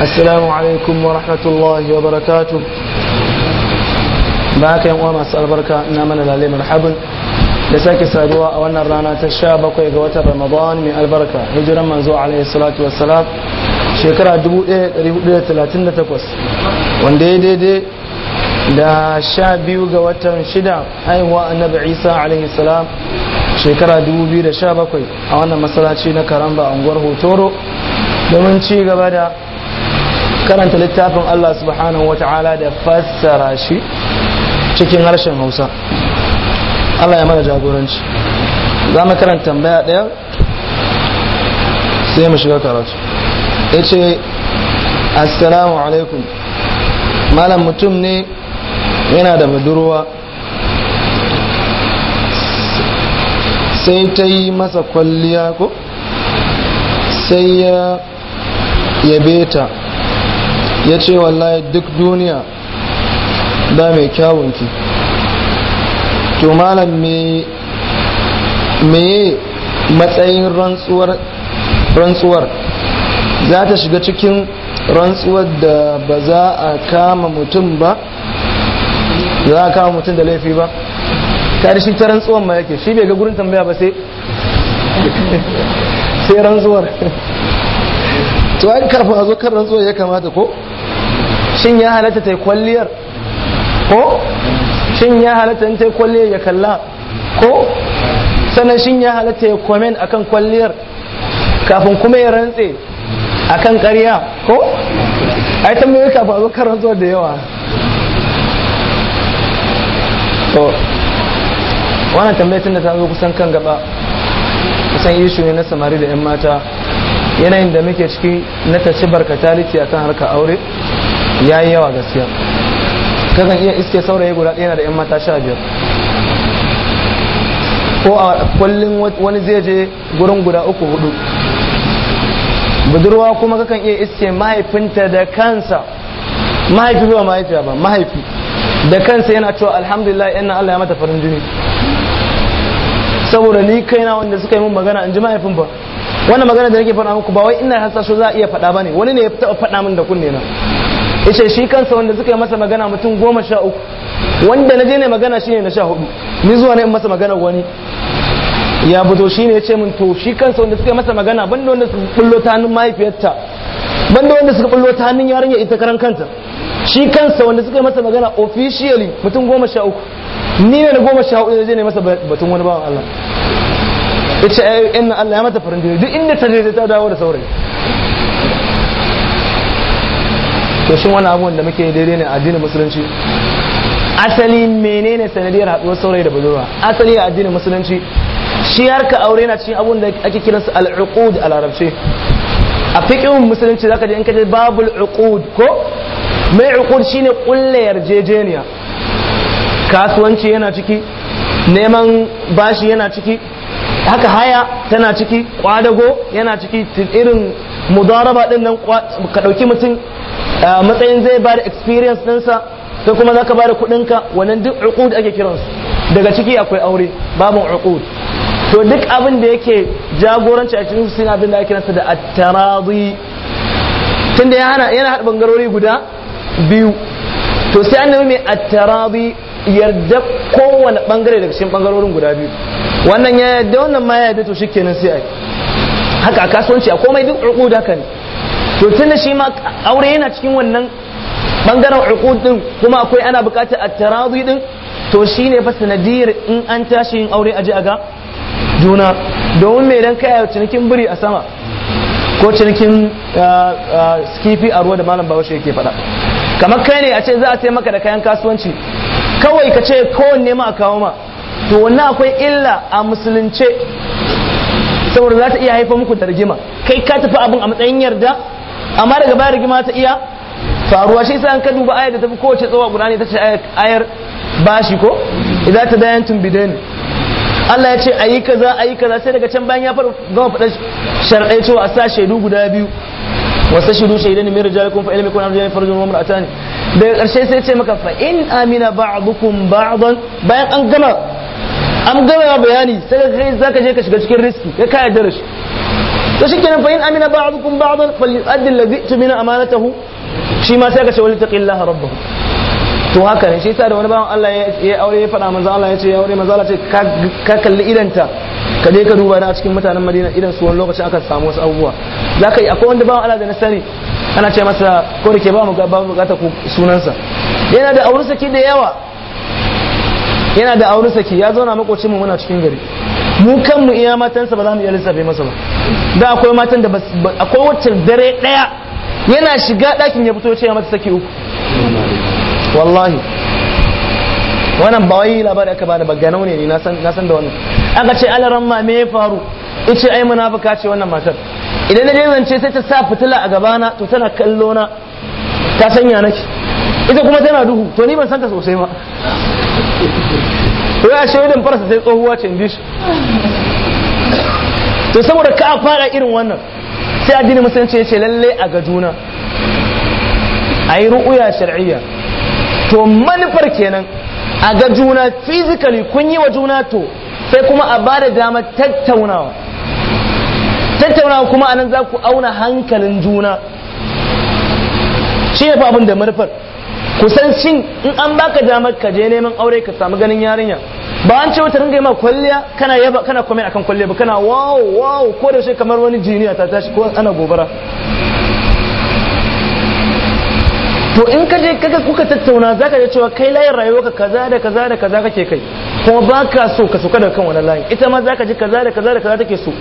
asalamu alaikum wa rahmatullahi wa barakatu ba ka masu albarka na mana lalle da sake saduwa a wannan rana ta sha bakwai ga watan ramadan mai albarka hijiran manzo alaihi salatu wassalam shekara 1438 wanda ya daidai da sha biyu ga watan shida haihuwa annabi isa alaihi salam shekara 2017 a wannan masalaci na karamba a unguwar hotoro domin ci gaba da karanta littafin Allah subhanahu ta'ala da fassara shi cikin harshen Hausa Allah ya mana jagoranci za mu karanta tambaya ɗaya sai mu shiga karatu ya ce assalamu alaikum malam mutum ne yana da budurwa sai ta yi masa kwalliya ko sai ya yabe ta ya ce wallahi duk duniya da mai kyawunki to malam mai matsayin rantsuwar za ta shiga cikin rantsuwar da ba za a kama mutum ba za a kama mutum da laifi ba kare shi ta rantsuwar ma yake shi bai ga gurin tambaya ba sai sai rantsuwar to an karfa a zo kan rantsuwar ya kamata ko shin ya halatta ta yi kwalliyar ko shin ya halatta ta yi kwalliyar ya kalla ko sannan shin ya halatta ya komen akan kwalliyar kafin kuma ya rantse akan karya ko a yi tambayi kafin a zo karantar da yawa to wannan tun da ta zo kusan kan gaba kusan ishu ne na samari da 'yan mata yanayin da muke ciki na tashi barkatalici akan harka aure ya yi yawa gaskiya kakan iya iske saurayi guda ɗaya da 'yan mata sha biyar ko a kullum wani zai je gurin guda uku hudu budurwa kuma kakan iya iske mahaifinta da kansa mahaifi ba mahaifiya ba mahaifi da kansa yana cewa alhamdulillah yana Allah ya mata farin jini saboda ni kaina wanda suka yi min magana in ji mahaifin ba wannan magana da nake faɗa muku ba wai ina hasashe za a iya faɗa ba ne wani ne ya taɓa faɗa min da kunne na yace shi kansa wanda suka yi masa magana mutum goma sha uku wanda na je ne magana shine na sha hudu ni zuwa na in masa magana wani ya fito shi ne ya ce min to shi kansa wanda suka yi masa magana banda wanda suka bullo ta hannun mahaifiyarta banda wanda suka bullo ta hannun yarinya ita karan kanta shi kansa wanda suka yi masa magana officially mutum goma sha uku ni ne na goma sha hudu zai ne masa batun wani bawan Allah ya ce eh, ayyukan Allah ya mata farin duk inda ta je ta dawo da saurayi to shin wani abubuwan da muke daidai ne addinin musulunci asali menene sanadiyar haɗuwar saurayi da budurwa asali a addinin musulunci shi harka aure na cikin abun da ake kiran al-uqud a larabce a fiqhin musulunci zaka ji in ka je babul uqud ko mai uqud shine ƙulla yarjejeniya kasuwanci yana ciki neman bashi yana ciki haka haya tana ciki kwadago yana ciki irin mudaraba din nan ka dauki mutum matsayin zai bada experience ɗinsa sai kuma za ka kudin ka kuɗinka wannan duk uqud ake kiransu daga ciki akwai aure babu uqud to duk abin da yake jagoranci a cikin sunan abin da ake kiransa da at-taradi tunda yana yana hada bangarori guda biyu to sai annabi mai at-taradi yarda kowane bangare daga cikin bangarorin guda biyu wannan ya yarda wannan ma ya yarda to shikenan sai ai haka a kasuwanci a komai duk uqud haka ne to tunda shi ma aure yana cikin wannan bangaren uqud din kuma akwai ana bukatar a tarazi din to shi shine fa sanadiyar in an tashi yin aure ji a ga juna domin me dan kai cinikin biri a sama ko cinikin ah, ah, kifi a ruwa da malam shi yake faɗa kamar kai ne a ce za a sai maka da kayan kasuwanci kawai ka ce kowanne ma a kawo ma to wannan akwai illa a musulunce saboda za ta iya haifa muku da rigima kai ka tafi abin a matsayin yarda amma daga baya rigima ta iya faruwa shi sai an ka duba ayar da tafi kowace tsawa guda ne ta ce ayar bashi ko idan ta dayan ne. Allah ya ce ayi kaza ayi kaza sai daga can bayan ya fara gama faɗa sharɗai cewa a sa shaidu guda biyu wasu shaidu shaidan ne mai kuma fa ilmi kun arjani farjun wa mar'atani daga ƙarshe sai ce maka fa in amina ba'dukum ba'dan bayan an gama an gama bayani sai kai zaka je ka shiga cikin riski kai ka yarda da rashi to shikenan fa in amina ba'dukum ba'dan falyu'addi alladhi tumina amanatahu shi ma sai ka ce wani rabbuh to haka ne shi yasa da wani bawan Allah ya aure ya faɗa manzo Allah ya ce ya aure manzo Allah ce ka kalli idanta ka je ka duba na cikin mutanen Madina idan su wani lokacin aka samu wasu abubuwa zaka yi akwai wanda bawan Allah da na sani ana ce masa ko rike ke ba mu ga ba mu bukata ta sunansa yana da aure saki da yawa yana da auri saki ya zauna makocin mu muna cikin gari mu kanmu iya matansa ba za mu iya lissafe masa ba da akwai matan da akwai wacce dare daya yana shiga dakin ya fito ya mata saki uku wallahi wannan ba wai labari aka bada bagganau ne na san da wannan aka ce alaran ma me ya faru ce ai munafuka ce wannan matar idan na je zance sai ta sa fitila a gabana to tana kallo na ta sanya nake ita kuma tana duhu to ni ban santa sosai ba to ya idan farsa sai tsohuwa ce bi shi to saboda ka a fara irin wannan sai addini musulunci ya ce lalle a ga juna a yi ru'uya shar'iyya to manufar kenan a ga juna physically kun yi wa juna to sai kuma a ba da dama tattaunawa tattaunawa kuma anan za ku auna hankalin juna shi ne fa abin da manufar kusan shin in an baka damar ka je neman aure ka samu ganin yarinya ba an ce wata ringa ma kwalliya kana yaba kana comment akan kwalliya ba kana wow wow ko da shi kamar wani jiniya ta tashi ko ana gobara to in ka je kaga kuka tattauna zaka je cewa kai layin rayuwarka kaza da kaza da kaza kake kai kuma baka so ka suka daga kan wani layin ita ma zaka ji kaza da kaza da kaza take so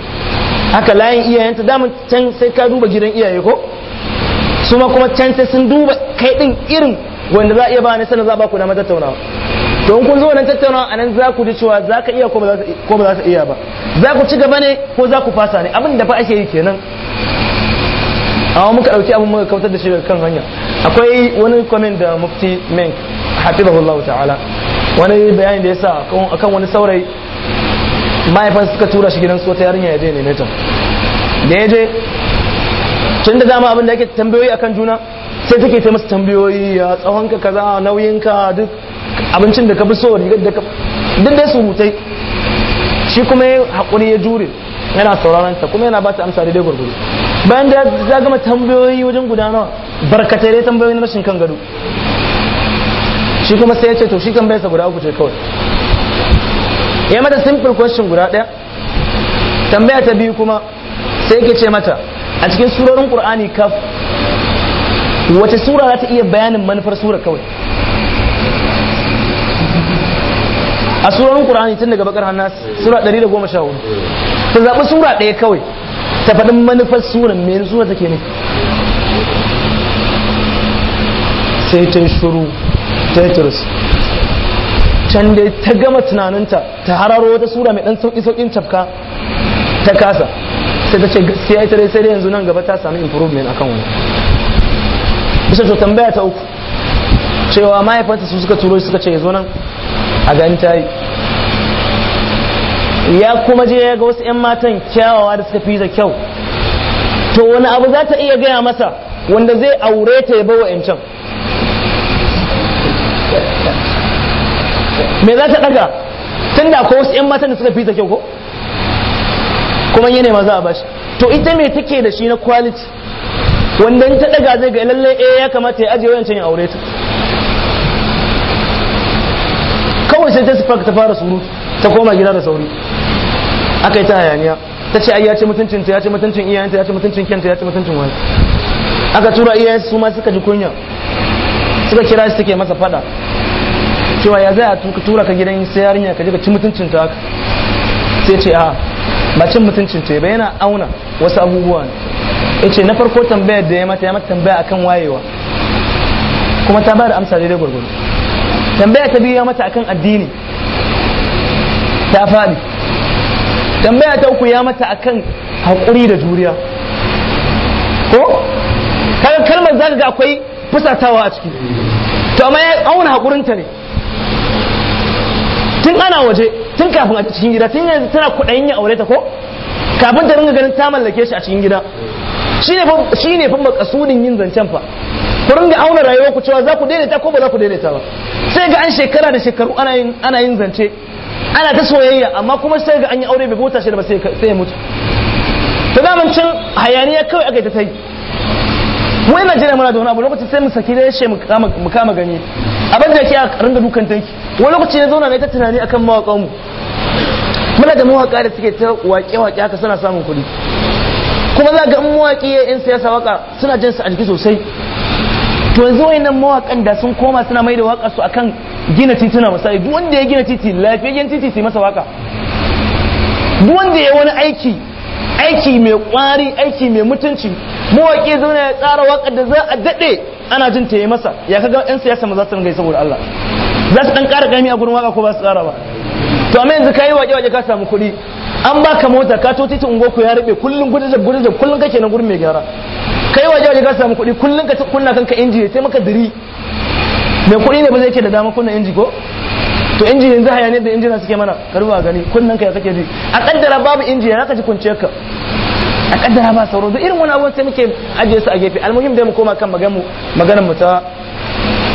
haka layin iyayenta daman can sai ka duba gidan iyaye ko Suma kuma can sai sun duba kai din irin wanda za a iya ba ni sanin za a ba ku da tattaunawa to in kun zo nan tattaunawa a za ku ji cewa za ka iya ko ba za ka iya ba za ku ci gaba ne ko za ku fasa ne abin da fa ake yi kenan amma muka ɗauki abin muka kautar da shi daga kan hanya akwai wani kwamin da mufti menk hafizahullahu ta'ala wani bayani da ya sa akan wani saurayi mahaifan suka tura shi gidan wata yarinya ya je ne ta da ya je tun da dama abin da ake tambayoyi akan juna sai take ta masa tambayoyi ya tsawonka kaza nauyinka duk abincin da ka fi so rigar da ka duk dai hutai shi kuma ya haƙuri ya jure yana sauraron ta kuma yana ba ta amsa daidai gwargwado bayan da ya gama tambayoyi wajen gudanarwa barkatai dai tambayoyi na rashin kan gado shi kuma sai ya ce to shi sa guda uku ce kawai ya mata simple question guda ɗaya tambaya ta biyu kuma sai yake ce mata a cikin surorin qur'ani kaf wace sura za ta iya bayanin manufar sura kawai a surorin ƙura'ani tun daga bakar hannas sura 114 ta zaɓi sura ɗaya kawai ta faɗin manufar suran mai sura take ne sai ta shuru tetris can dai ta gama tunaninta ta hararo wata sura mai ɗan sauƙi sauƙin cafka ta kasa sai ta ce sai ita dai sai dai yanzu nan gaba ta sami improvement akan wani bisa to tambaya ta uku cewa mahaifanta su suka turo suka ce zo nan a gani yi ya kuma je ya ga wasu 'yan matan kyawawa da suka fi da kyau to wani abu za ta iya gaya masa wanda zai aure ta ya bawa 'yancan me za ta daga tun da wasu 'yan matan da suka fi da kyau ko kuma yi ma maza a bashi to ita me take da shi na quality wanda in ta daga zai ga lallai eh ya kamata ya ajiye wancan ya aure ta kawai sai ta sifar ta fara suru ta koma gida da sauri aka yi ta hayaniya ta ce ai ya ce mutuncin ta ya ce mutuncin iyayenta ya ce mutuncin kenta ya ce mutuncin wani aka tura iyayen su ma suka ji kunya suka kira shi suke masa fada cewa ya zai a tura ka gidan sai yarinya ka je ka ci mutuncin ta haka sai ce a ba cin mutuncin ta ba yana auna wasu abubuwa ne ce na farko tambayar da ya mata ya mata tambaya akan wayewa kuma ta bada amsa daidai gwargwaro tambaya ta biyu ya mata akan addini ta faɗi tambaya ta uku ya mata akan haƙuri da juriya ko kaga kalmar zaka ga akwai fusatawa a ciki to amma ya auna haƙurinta ne tun ana waje tun kafin a cikin gida tun yanzu tana kuɗayin ya aure ta ko kafin ta ringa ganin ta mallake shi a cikin gida shi ne fa makasudin yin zancen fa ku ringa auna rayuwar ku cewa za ku daidaita ko ba za ku daidaita ba sai ga an shekara da shekaru ana yin zance ana ta soyayya amma kuma sai ga an yi aure bai bota shi da ba sai ya mutu Ta zaman can hayaniya kawai aka ta yi wai najeriya muna da wani abu lokaci sai mu saki da yashe mu kama ganye abin da ke a ringa dukan tanki wani lokaci ya zauna na ita tunani akan mawaƙan mu muna da mawaƙa da suke ta waƙe waƙe haka suna samun kuɗi kuma za ga ya in siyasa waƙa suna jin su a jiki sosai to yanzu wayannan mawakan da sun koma suna mai da waƙa su akan gina tituna misali duk wanda ya gina titi gina titi sai masa waƙa. duk wanda ya wani aiki aiki mai kwari aiki mai mutunci mawaƙi mawaki zauna ya tsara waƙa da za a daɗe ana jin ta yi masa ya kaga yan siyasa ma za su ringa saboda Allah za su dan ƙara ƙami a gurin waƙa ko ba su ƙara ba to amma yanzu kayi waje waje ka samu kuɗi an baka mota ka to titin ungo ku ya rube kullun gudu da gudu da kullun kake na gurin mai gyara kayi waje waje ka samu kuɗi kullun ka kunna kanka inji sai maka diri mai kuɗi ne ba zai ke da dama kunna inji ko to inji yanzu hayaniyar da injina suke mana karuwa gani kunnen ka ya kake ji a kaddara babu inji ya ji kunciyar ka a kaddara ba sauro duk irin wani abu sai muke ajiye su a gefe almuhim dai mu koma kan maganar mu ta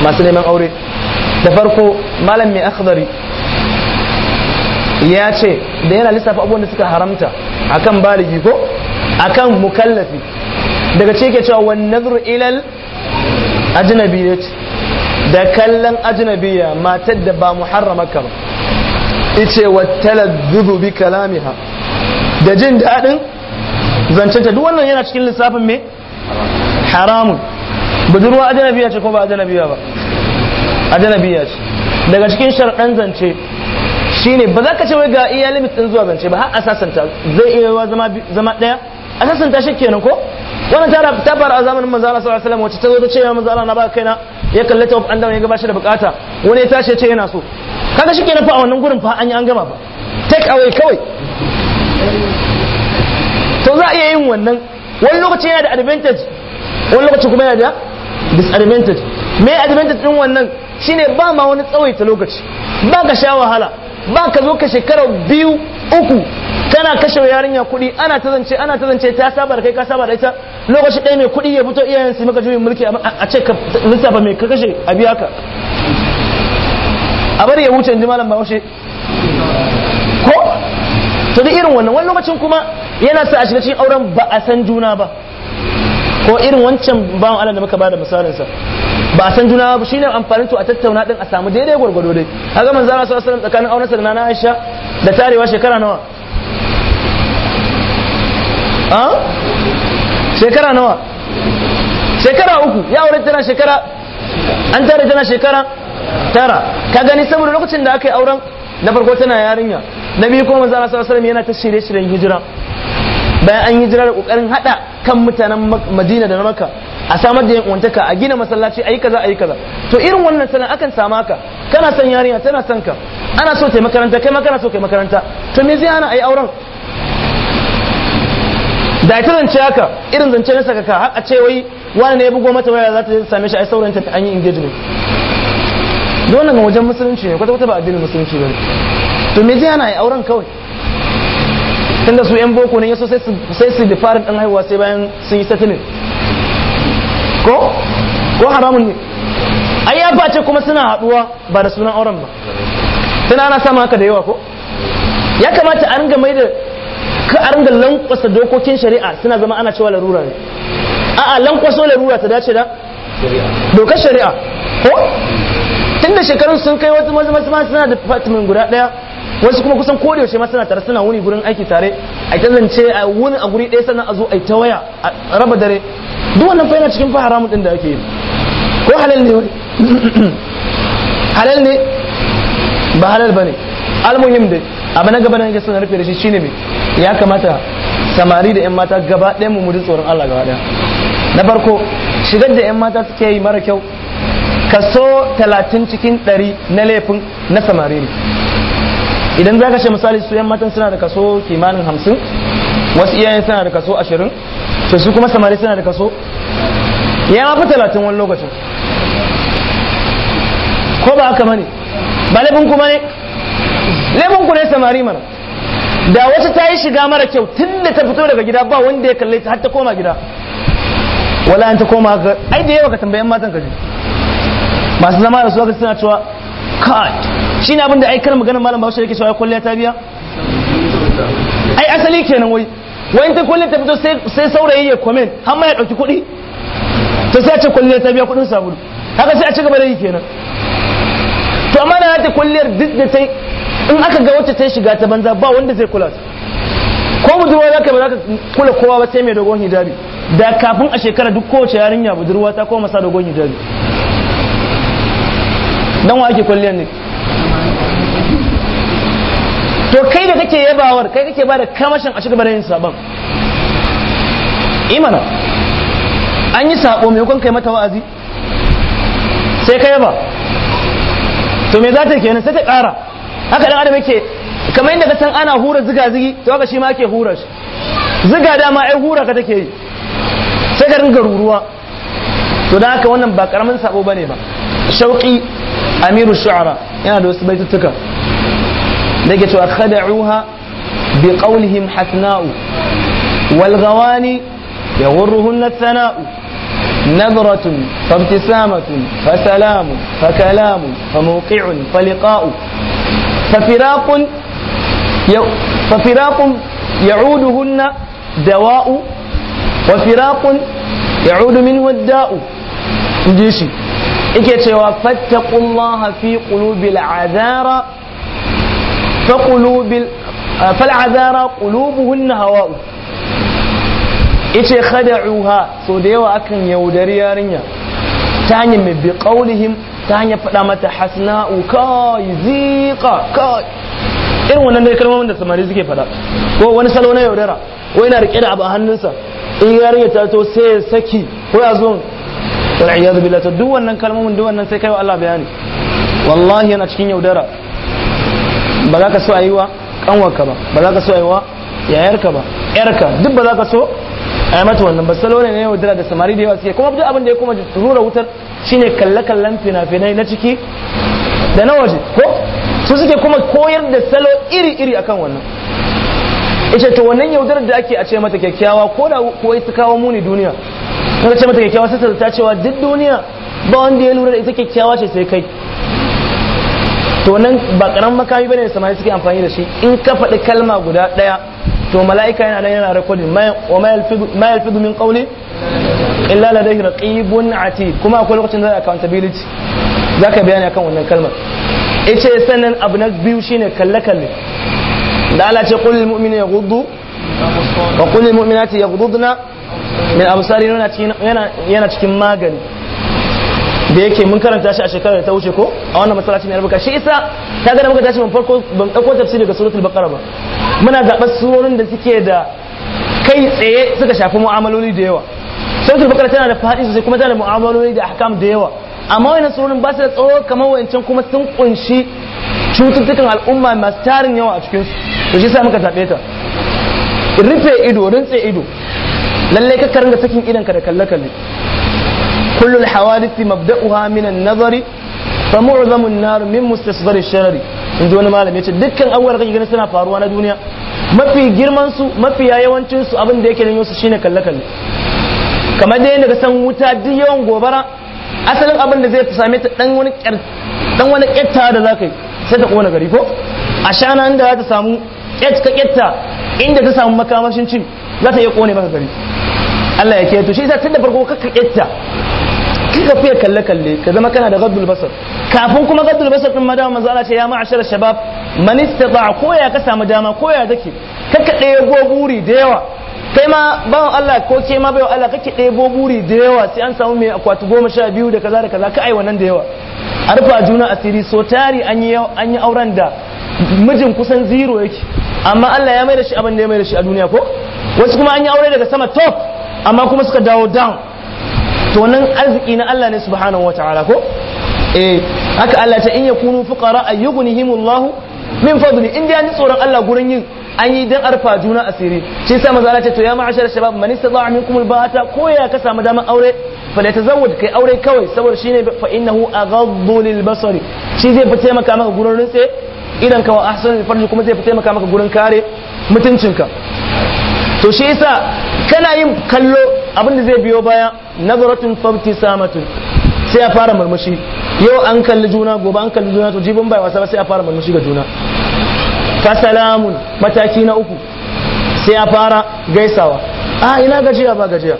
masu neman aure da farko malam mai akhdari ya ce da yana lissafa abubuwan da suka haramta akan baligi ko akan mukallafi daga ce ke cewa wani nazar ilal ajinabi da kallon ajinabiya matar da ba muharrama ka ba ice wa taladdudu bi kalamiha da jin daɗin zancenta duk wannan yana cikin lissafin me haramun budurwa ajinabiya ce ko ba ajinabiya ba ajinabiya ce daga cikin sharɗan zance shine ba za ka ce wai ga iya limit din zuwa bance ba har asasanta zai iya wa zama daya asasanta shi kenan ko wannan ta fara a zamanin manzo Allah sallallahu alaihi wasallam wacce ta zo ta ce wa manzo Allah na ba kaina ya kallata of da ya ga bashi da bukata wani ya tashi ya ce yana so kaga shi kenan fa a wannan gurin fa an yi an gama ba take away kawai to za a iya yin wannan wani lokaci yana da advantage wani lokaci kuma yana da disadvantage me advantage din wannan shine ba ma wani tsawaita lokaci ba ka sha wahala ba ka zo ka shekara biyu uku kana kashe yarinya kuɗi ana ta zance ana ta zance ta saba da kai ka saba da ita lokaci ɗaya mai kuɗi ya fito iyayen su maka juyin mulki a ce ka lissafa mai ka kashe a biya ka a bari ya wuce inji malam bahaushe ko to duk irin wannan wani lokacin kuma yana sa a shiga cikin auren ba a san juna ba ko irin wancan bawan Allah da muka bada da sa ba san juna ba shine amfani to a tattauna din a samu daidai gwargwado dai kaga manzo Allah sallallahu alaihi wasallam tsakanin aunarsa da na Aisha da tarewa shekara nawa a shekara nawa shekara uku ya aure tana shekara an tare tana shekara tara ka gani saboda lokacin da aka yi auren na farko tana yarinya na biyu kuma manzo Allah sallallahu alaihi wasallam yana ta shirye-shiryen hijira bayan an hijira da kokarin hada kan mutanen Madina da na Makka a samar da yankuntaka a gina masallaci a yi kaza a yi kaza to irin wannan salon akan sama ka kana son yarinya tana son ka ana so ta makaranta kai ma kana so kai makaranta to me zai ana a yi auren da ita zance haka irin zance na sakaka har ce wai wani ne ya bugo mata waya za ta same shi a yi sauranta ta an yi engagement don ga wajen musulunci ne kwata-kwata ba addinin musulunci ba ne to me zai ana a yi auren kawai tunda su 'yan boko ne so sai su da farin ɗan haihuwa sai bayan sun yi settling ko ko haramun ne ai ya face kuma suna haduwa ba da sunan auren ba tana ana sama haka da yawa ko ya kamata a ringa mai da ka a ringa lankwasa dokokin shari'a suna zama ana cewa larura ne a'a lankwaso larura ta dace da dokar shari'a ko tun da shekarun sun kai wasu masu ma suna da fatimin guda daya wasu kuma kusan ko da yaushe ma suna tare suna wuni gurin aiki tare a kazance zance a wuni a guri ɗaya sannan a zo a ta waya a raba dare duk wannan fa yana cikin fa haramun din da ake yi ko halal ne halal ne ba halal bane almuhim dai abu na gaba na nake son rufe da shi shine me ya kamata samari da yan mata gaba ɗaya mu mu tsoron Allah gaba ɗaya na farko shigar da yan mata suke yi mara kyau kaso talatin cikin ɗari na laifin na samari ne idan za ka ce misali su yan matan suna da kaso kimanin hamsin wasu iyayen suna da kaso ashirin to su kuma samari suna da kaso ya mafi talatin wani lokacin ko ba haka mani ba laifin kuma ne laifin ku ne samari mana da wata ta yi shiga mara kyau tun da ta fito daga gida ba wanda ya kalle ta har ta koma gida wala an ta koma ga ai da yawa ka tambayan matan ka ji masu zama da su aka suna cewa kai shi ne abinda aikar magana malam bahaushe yake cewa kwalliya ta biya ai asali kenan wai wai ta kwalliya ta fito sai saurayi ya komen har ma ya ɗauki kuɗi ta sai a ce kwalliya ta biya kuɗin sabulu haka sai a ci gaba da yi kenan to amma na ta kwalliyar duk da ta in aka ga wacce ta shiga ta banza ba wanda zai kula ko budurwa za ka ba za ka kula kowa ba sai mai dogon hijabi da kafin a shekara duk kowace yarinya budurwa ta koma sa dogon hijabi dan wa ake kwalliyar ne to kai da kake yabawar kai kake ba da kamashin a ci gaba da yin sabon imana an yi sabo mai hukun kai mata wa'azi sai ka yaba to me za ta kenan sai ta ƙara haka dan adam yake kamar yadda ka san ana hura ziga zigi to haka shi ma ake hura shi ziga dama ai hura ka take yi sai ka ringa ruruwa to da haka wannan ba karamin sabo bane ba شوقي أمير الشعراء يعني دوس بيتتك لقيت أخدعوها بقولهم حثناء والغواني يغرهن الثناء نظرة فابتسامة فسلام فكلام فموقع فلقاء ففراق ففراق يعودهن دواء وفراق يعود منه الداء نجيشي yake cewa fattaqullaha fi qulubil azara fa qulubil fal azara qulubuhun hawa'u yace khada'uha so da yawa akan yaudari yarinya ta hanyar mai bi qaulihim ta hanyar faɗa mata hasna'u kai ziqa kai irin wannan dai kalmomin da samari suke faɗa ko wani salo na yaudara ko yana rike da abu a hannunsa in yarinya ta to sai ya saki ko ya zo wal billahi duk wannan kalmomin duk wannan sai kai wa Allah bayani wallahi yana cikin yaudara ba za ka so ayi kanwarka ba ba za ka so ayi yayarka ba yarka duk ba za ka so a yi mata wannan ba salo ne ne yaudara da samari da yawa suke kuma duk abin da ya kuma rura wutar shine kallakallan fina-finai na ciki da na waje ko su suke kuma koyar da salo iri-iri akan wannan ita to wannan yaudarar da ake a ce mata kyakkyawa ko da kawai su kawo muni duniya kada ce mata kyakkyawa sai ta cewa duk duniya ba wanda ya lura da ita kyakkyawa ce sai kai to nan ba karamin makami bane samari suke amfani da shi in ka faɗi kalma guda ɗaya to mala'ika yana nan yana rekodin wa ma yalfidu min qawli illa ladayhi raqibun ati kuma akwai lokacin da accountability zaka bayani akan wannan kalmar yace sannan abu na biyu shine kalle kalle da Allah ce qul lil mu'minina yaghuddu wa qul lil mu'minati yaghuddna min absari yana cikin yana cikin magani da yake mun karanta shi a shekarar da ta wuce ko a wannan masallaci mai albarka shi isa ta ga muka tashi mun farko ban dauko tafsiri daga suratul baqara ba muna zaɓar surorin da suke da kai tsaye suka shafi mu'amaloli da yawa suratul baqara tana da fadi sosai kuma tana da mu'amaloli da ahkam da yawa amma wannan surorin ba su da tsawo kamar wancan kuma sun kunshi cututtukan al'umma masu tarin yawa a cikin su to shi sa muka zaɓe ta rufe ido rintse ido lallai ka karanga sakin idan ka da kalle kalle kullu alhawadith mabda'uha min an-nazari fa mu'zamu an-nar min mustasghar ash-sharri in ji wani malami ya ce dukkan abubuwan da kake ganin suna faruwa na duniya mafi girman su mafi yawancin su abin da yake nan yosu shine kalle kalle kamar dai daga san wuta duk yawan gobara asalin abin da zai same ta dan wani kyar dan wani kyatta da zakai sai ta kona gari ko a shana inda za ta samu kyatta kyatta inda ta samu makamashin cin za ta iya kone maka gari Allah ya keto shi yasa tun da farko ka kiyatta ka fiye kalle kalle ka zama kana da gaddul basar kafin kuma gaddul basar din madama manzo Allah ce ya ma'ashar shabab man istata ko ya ka samu dama ko ya take kaka ɗebo buri da yawa kai ma bawan Allah ko ke ma bawan Allah kake ɗebo buri da yawa sai an samu mai akwati goma sha biyu da kaza da kaza ka ai wannan da yawa a rufa juna asiri so tari an yi auren da mijin kusan zero yake amma Allah ya mai da shi abin da ya mai da shi a duniya ko wasu kuma an yi aure daga sama top amma kuma suka dawo dan to nan arziki na Allah ne subhanahu wataala ko eh haka Allah ta in yakunu fuqara ayyughnihimullahu min fadli in dai ni tsoron Allah gurin yin an yi dan arfa juna asiri shi yasa maza Allah ta to ya ma'ashar shabab man istata'a minkum bata ko ya ka samu damar aure tazawwad kai aure kawai saboda shine fa innahu aghaddu lilbasari shi zai fita maka maka gurin rintse idan ka wa ahsanul farji kuma zai fita taimaka maka gurin kare mutuncinka to shi yasa kana yin kallo abin da zai biyo baya nazaratun fabti samatun sai a fara murmushi yau an kalli juna gobe an kalli juna to jibin bai wasa ba sai a fara murmushi ga juna salamun mataki na uku sai a fara gaisawa a ina gajiya ba gajiya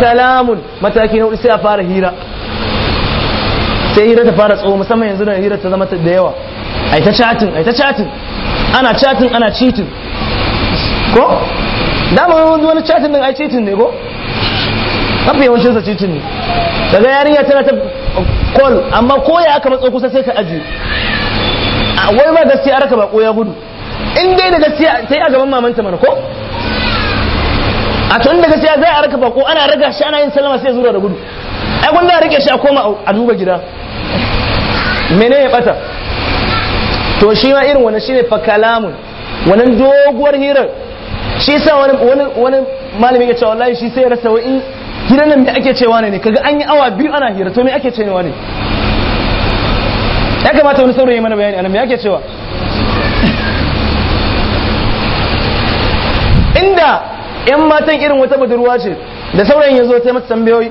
kalamun mataki na uku sai a fara hira sai hira ta fara tsawo musamman yanzu da hira ta zama da yawa ai ta chatin ai ta chatin ana chatin ana citin ko dama wani wani chatin din ai chatin ne ko kafin yawancin sa chatin ne daga yarinya tana ta call amma ko ya aka matso kusa sai ka aje wai ba gaskiya araka ba ko ya gudu in dai da gaskiya sai a gaban mamanta mana ko a tun da gaskiya zai a raka bako ana raga shi ana yin sallama sai zura da gudu ai kun da rike shi a koma a duba gida mene ya bata to shi ma irin wannan shine fa kalamun wannan doguwar hirar shi yasa wani wani wani malami ya ce wallahi shi sai ya rasa wai hirar nan me ake cewa ne kaga an yi awa biyu ana hira to me ake cewa ne ya kamata wani saurayi mana bayani anan me ake cewa inda yan matan irin wata budurwa ce da saurayin ya zo ta mata tambayoyi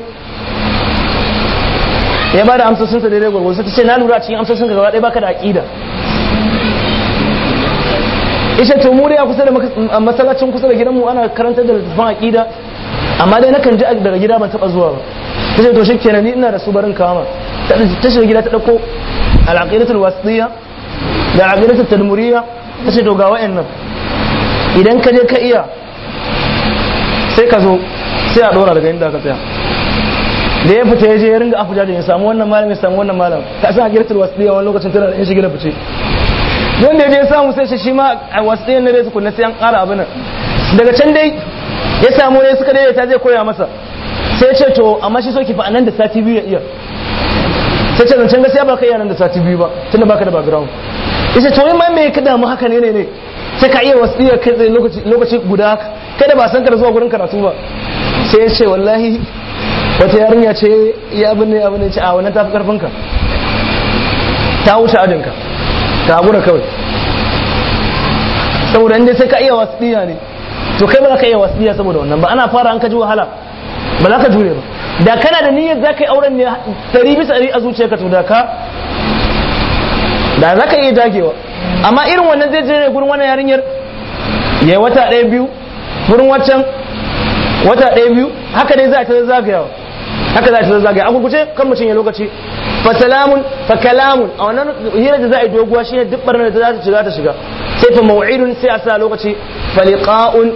ya ba da amsosinsa daidai gwargwado sai ta ce na lura cikin ka gaba ɗaya baka da aƙida ishe to mu da kusa da masallacin kusa da gidanmu ana karantar da littafin aqida amma dai nakan ji daga gida ban taba zuwa ba kace to shikenan ni ina da su barin kama ta shiga gida ta dauko al-aqidatul wasitiyya da al-aqidatul tadmuriyya tace to ga wayannan idan ka je ka iya sai ka zo sai a dora daga inda ka tsaya da ya fita ya je ya ringa afuja da ya samu wannan malamin samu wannan malamin ka san aqidatul wasitiyya wani lokacin tana da in shige da fice wanda ya samu sai shi ma a wasu tsayin na dai kuna sai an kara abin nan daga can dai ya samu ne suka ta zai koya masa sai ce to amma shi so ki fa nan da sati biyu ya iya sai ce zancen gaskiya ba ka iya nan da sati biyu ba tunda baka da background yace to mai me ka damu haka ne ne ne sai ka iya wasu iya kai lokaci lokaci guda haka kai da ba san ka da zuwa gurin karatu ba sai ya ce wallahi wata yarinya ce ya abin ne abin ne ce a wannan tafi karfinka ta wuce adinka ka kawai saboda inda sai ka iya wasdiya ne to kai ba za ka iya wasdiya saboda wannan ba ana fara an ka ji wahala ba za ka jure ba da kana da niyyar za ka yi auren ne ɗari bisa ɗari a zuciya ka to da ka da za ka iya dagewa amma irin wannan zai je gurin wannan yarinyar ya wata ɗaya biyu gurin waccan wata ɗaya biyu haka dai za a ta zagayawa haka za ta zagaya a gurguje kan mutum ya lokaci fa fakalamun fa kalamun a wannan hira da za a yi doguwa ne duk barnar da za ta shiga ta shiga sai fa mau'idun sai a sa lokaci fa liqa'un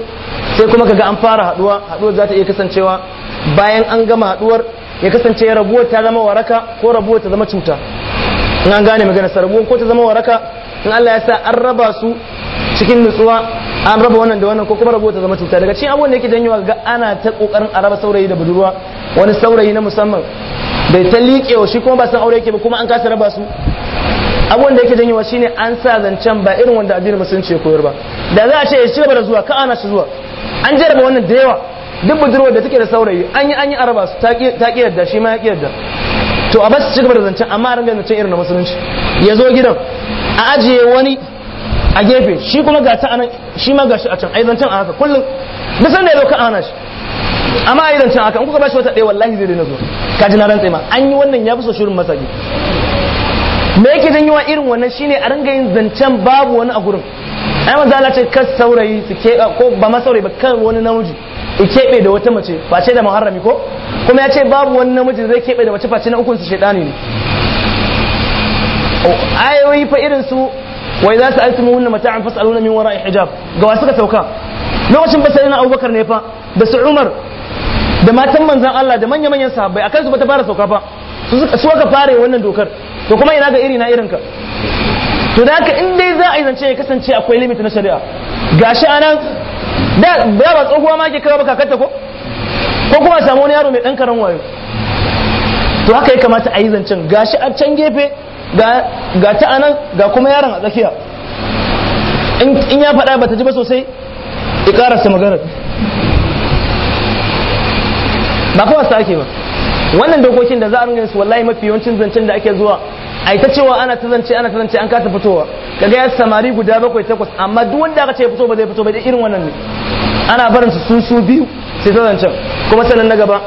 sai kuma kaga an fara haduwa haduwar za ta iya kasancewa bayan an gama haduwar ya kasance rabuwar ta zama waraka ko rabuwar ta zama cuta in an gane magana sa rabuwar ko ta zama waraka in Allah ya sa an raba su cikin nutsuwa an raba wannan da wannan ko kuma rabuwar ta zama cuta daga cikin abubuwan da yake janyo ga ana ta kokarin a raba saurayi da budurwa wani saurayi na musamman bai ta wa shi kuma ba san aure yake ba kuma an kasa raba su abuwan da yake janyewa shine an sa zancen ba irin wanda addinin musulunci ya koyar ba da za a ce ya ci da zuwa ka ana shi zuwa an jarraba wannan da yawa duk budurwar da take da saurayi an yi an yi araba su ta ki yadda shi ma ya ki yadda to a basu cigaba da zancen amma a ringa zancen irin na musulunci ya zo gidan a ajiye wani a gefe shi kuma ga ta anan shi ma ga shi a can ai zancen a haka kullum duk sanda ya zo ka ana shi amma a irin can aka in kuka bashi wata ɗaya wallahi zai daina zuwa kaji na rantsa ma an yi wannan ya fi so shirin masaki me yake janyo wa irin wannan shine a ringa yin zancen babu wani a gurin ai manzo Allah ce kas saurayi su ke ko ba ma saurayi ba kan wani namiji ya kebe da wata mace face da muharrami ko kuma ya ce babu wani namiji zai kebe da mace face na ukunsu shaidani ne oh, ayoyi fa irin su wai za su altumu hunna mata'an fas'aluna min wara'i hijab ga wasu ka sauka lokacin ba sai na Abubakar ne fa da su Umar da matan manzan Allah da manya manyan sahabbai akan su ba ta fara sauka ba su aka fara wannan dokar to kuma ina ga iri na irin ka to da haka in dai za a yi zance ya kasance akwai limit na shari'a gashi anan da ba tsohuwa ma ke kawo kakarta ko ko kuma samu wani yaro mai dan karan wayo to haka ya kamata a yi zancen gashi a can gefe ga ta anan ga kuma yaron a tsakiya in ya faɗa ba ta ji ba sosai ya karasa maganar ba fa wasa ake ba wannan dokokin da za a ringa su wallahi mafi yawancin zancen da ake zuwa a ita cewa ana ta zance ana ta zance an kasa fitowa kaga ya samari guda bakwai takwas amma duk wanda aka ce fito ba zai fito ba da irin wannan ne ana barin su su biyu sai ta zancen kuma sanan na gaba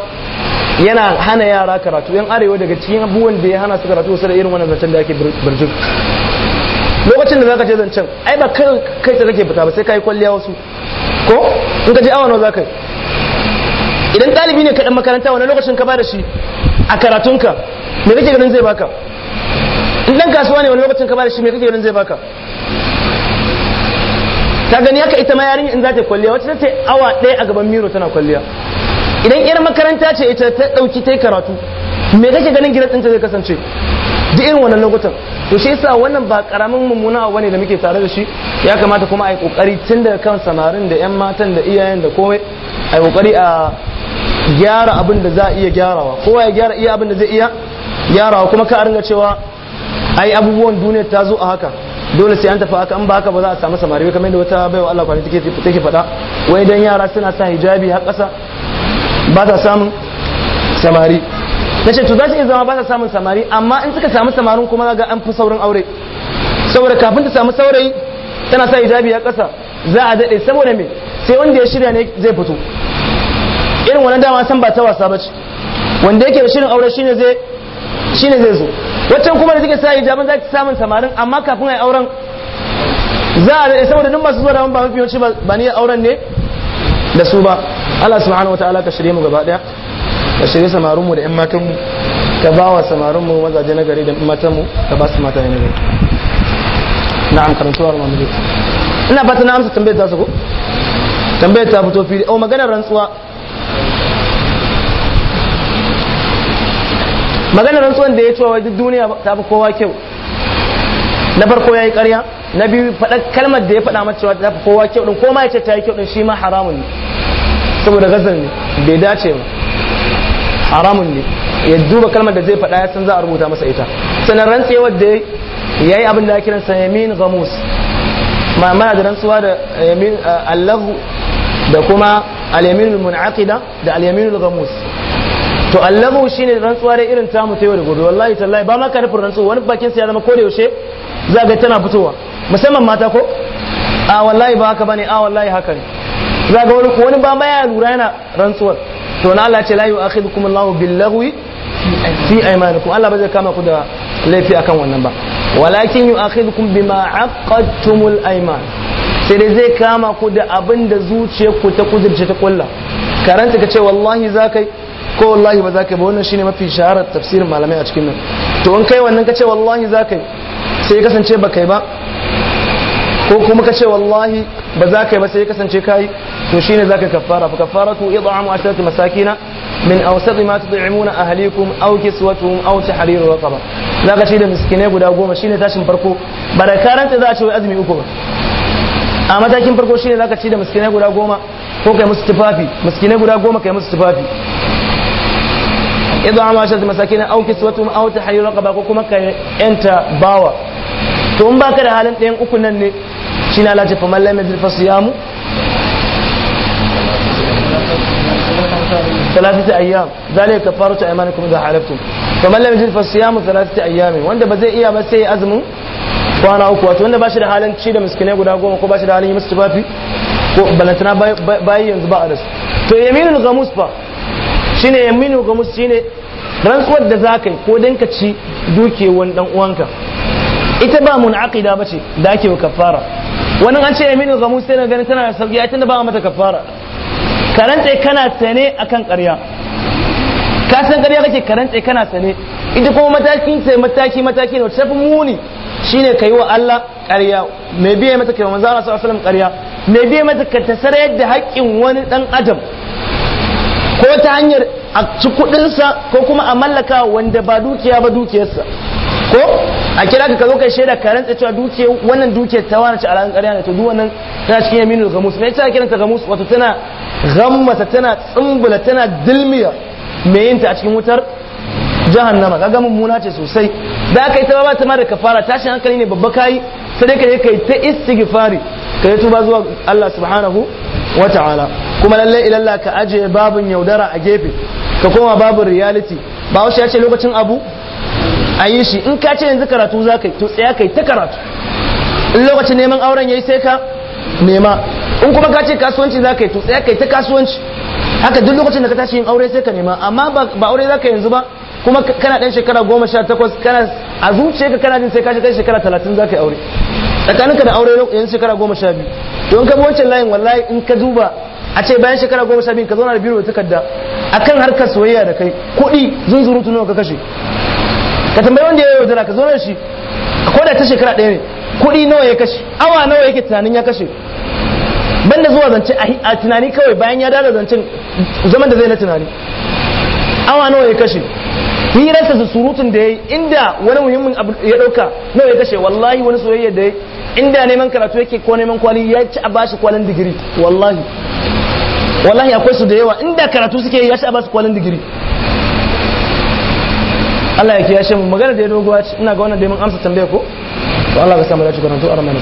yana hana yara karatu yan arewa daga cikin abubuwan da ya hana su karatu sai da irin wannan zancen da ake birjin lokacin da zaka je zancen ai ba kai kai ta kake fita ba sai kai kwalliya wasu ko in ka je awa za zaka yi idan ɗalibi ne kaɗan makaranta wani lokacin ka bada shi a karatunka me kake ganin zai baka in ɗan kasuwa ne wani lokacin ka bada shi me kake ganin zai baka ta gani haka ita ma yarinya in za ta kwalliya wacce ta awa ɗaya a gaban miro tana kwalliya idan yar makaranta ce ita ta ɗauki ta yi karatu me kake ganin gidan ɗinta zai kasance duk irin wannan lokutan to shi yasa wannan ba karamin mummuna abu bane da muke tare da shi ya kamata kuma a yi kokari tun daga kan samarin da yan matan da iyayen da komai a yi kokari a gyara abin da za a iya gyarawa kowa ya gyara iya abin da zai iya gyarawa kuma ka a ringa cewa ai abubuwan duniya ta zo a haka dole sai an tafi haka an ba haka ba za a samu samari ba kamar yadda wata baiwa Allah kwani take take faɗa wai dan yara suna sa hijabi har kasa ba ta samun samari na ce to za su iya zama ba sa samun samari amma in suka samu samarin kuma ga an fi saurin aure saboda kafin ta samu saurayi tana sa hijabi ya kasa za a daɗe saboda me sai wanda ya shirya ne zai fito irin wannan dama san ba ta wasa ba ce wanda yake da shirin aure shine zai shine zai zo waccan kuma da take sa hijabin za ta samun samarin amma kafin ai auren za a daɗe saboda duk masu zuwa da ba mafi yawanci ba ni auren ne da su ba Allah subhanahu wataala ka shirye mu gaba daya ka shirya samarinmu da 'yan matanmu ka ba wa samarinmu mazaje na gari da matanmu ka ba su mata na an na'am karantuwar mamuli ina fata na amsa tambayar ta su ko tambayar ta fito fili o oh, maganar rantsuwa maganar rantsuwan da ya cewa duk duniya ta fi kowa kyau na farko ya yi karya na biyu faɗa kalmar da ya faɗa mata cewa ta fi kowa kyau ɗin ko ma ya ce ta yi kyau ɗin shi ma haramun ne saboda gazan ne bai dace ba haramun ne ya duba kalmar da zai faɗa ya san za a rubuta masa ita sanan rantsewar da ya yi abin da ya kiransa yamin gamus mana da rantsuwa da yamin eh, allahu da kuma alyaminul munaqida da alyaminul gamus to allahu shine rantsuwa da irin ta yau da gobe wallahi tallahi ba ma ka nufin rantsuwa wani bakin sa ya zama ko yaushe za ga tana fitowa musamman mata ko a wallahi ba haka bane a wallahi haka ne za ga wani wani ba ya lura yana rantsuwar to na Allah ce la yu'akhidukum Allahu bil lagwi fi aymanikum Allah ba zai kama ku da laifi akan wannan ba walakin yu'akhidukum bima aqadtumul ayman sai dai zai kama ku da abin da zuciyarku ta kudurce ta kulla karanta ka ce wallahi zakai ko wallahi ba zakai ba wannan shine mafi shaharar tafsirin malamai a cikin nan to in kai wannan ka ce wallahi zakai sai ya kasance ba kai ba ko kuma kace wallahi ba za ka yi ba sai kasance kai to shine zaka kaffara fa kaffaratu id'amu ashrati masakina min awsat ma tud'imuna ahlikum aw kiswatuhum aw tahriru raqaba zaka ce da miskinai guda goma shine tashin farko ba da karanta za a ce azumi uku ba a matakin farko shine zaka ci da miskinai guda goma ko kai musu tufafi miskinai guda goma kai musu tufafi idan ma shadda masakin au kiswatum au tahrir raqaba ko kuma ka yanta bawa to in baka da halin ɗayan uku nan ne shi na lati faman lam yajid fasiyamu ثلاثة أيام ذلك كفارة أيمانكم إذا حلفتم فمن لم يجد ayyam wanda ba zai iya ba sai أزمه kwana uku wato wanda ba shi da halin ci da miskinai guda goma ko ba shi da halin yi musu tufafi ko balantana bai yanzu ba a to yaminul ga fa shine ga gamus shine rantsuwar da za ka yi ko dan ci duke wani dan uwanka ita ba aqida bace da ake wa kafara wani an ce yaminu gamu sai na ganin tana da sauki ai tunda ba mata kafara karantse kana sane akan ƙarya ka san ƙarya kake karantse kana sane ita kuma matakin sai mataki mataki ne wacce fi muni shine kai wa Allah ƙarya mai biye mata kai manzo Allah sallallahu alaihi wasallam ƙarya mai biye mata ka tasarar yadda haƙƙin wani dan adam ko ta hanyar a ci kuɗinsa ko kuma a mallaka wanda ba dukiya ba dukiyarsa ko a kira ka zo kai shaida ka rantsa cewa duke wannan duke ta wani ci alaƙar ƙarya ne to duk wannan tana cikin yaminul ta me yasa kiranta musu wato tana gammata tana tsumbula tana dilmiya me yinta a cikin wutar jahannama kaga mummuna ce sosai da aka yi ta ba ta ma da kafara tashin hankali ne babba kai sai dai kai kai ta istighfari kai tuba zuwa Allah subhanahu wa ta'ala kuma lalle ilalla ka aje babun yaudara a gefe ka koma babun reality ba wasu ya ce lokacin abu a yi shi in ka ce yanzu karatu za ka yi to tsaya ka yi ta karatu in lokacin neman auren ya yi sai ka nema in kuma ka ce kasuwanci za ka yi to tsaya ka yi ta kasuwanci haka duk lokacin da ka tashi yin aure sai ka nema amma ba aure za ka yanzu ba kuma kana dan shekara goma sha takwas kana a zuciya ka kana jin sai ka kai shekara talatin za ka yi aure tsakaninka da aure yanzu shekara goma sha biyu to in ka bi wancan layin wallahi in ka duba a ce bayan shekara goma sha biyu ka zauna da biro da takarda akan harkar soyayya da kai kuɗi zunzurutu nawa ka kashe ka tambayi wanda ya yi yaudara ka zo shi ko da ta shekara ɗaya ne kuɗi nawa ya kashe awa nawa yake tunanin ya kashe banda zuwa zance a tunani kawai bayan ya dada zancen zaman da zai na tunani awa nawa ya kashe hirarsa su surutun da ya yi inda wani muhimmin abu ya ɗauka nawa ya kashe wallahi wani soyayya da ya yi inda neman karatu yake ko neman kwali ya ci a bashi kwalin digiri wallahi wallahi akwai su da yawa inda karatu suke ya ci a bashi kwalin digiri Allah ya kiyashe mu magana da ya doguwa ce ina ga wannan da mun amsa tambaya ko to Allah ka samu dace karanto arama ne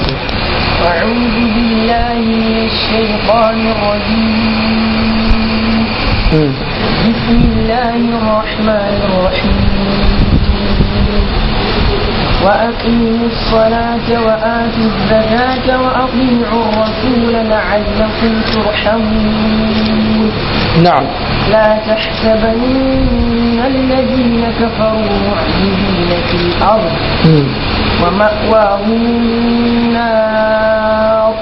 أعوذ بالله من الشيطان الرجيم بسم الله الرحمن وأقيموا الصلاة وآتوا الزكاة وأطيعوا الرسول لعلكم ترحمون نعم لا تحسبن الذين كفروا معجزين في الأرض ومأواهم النار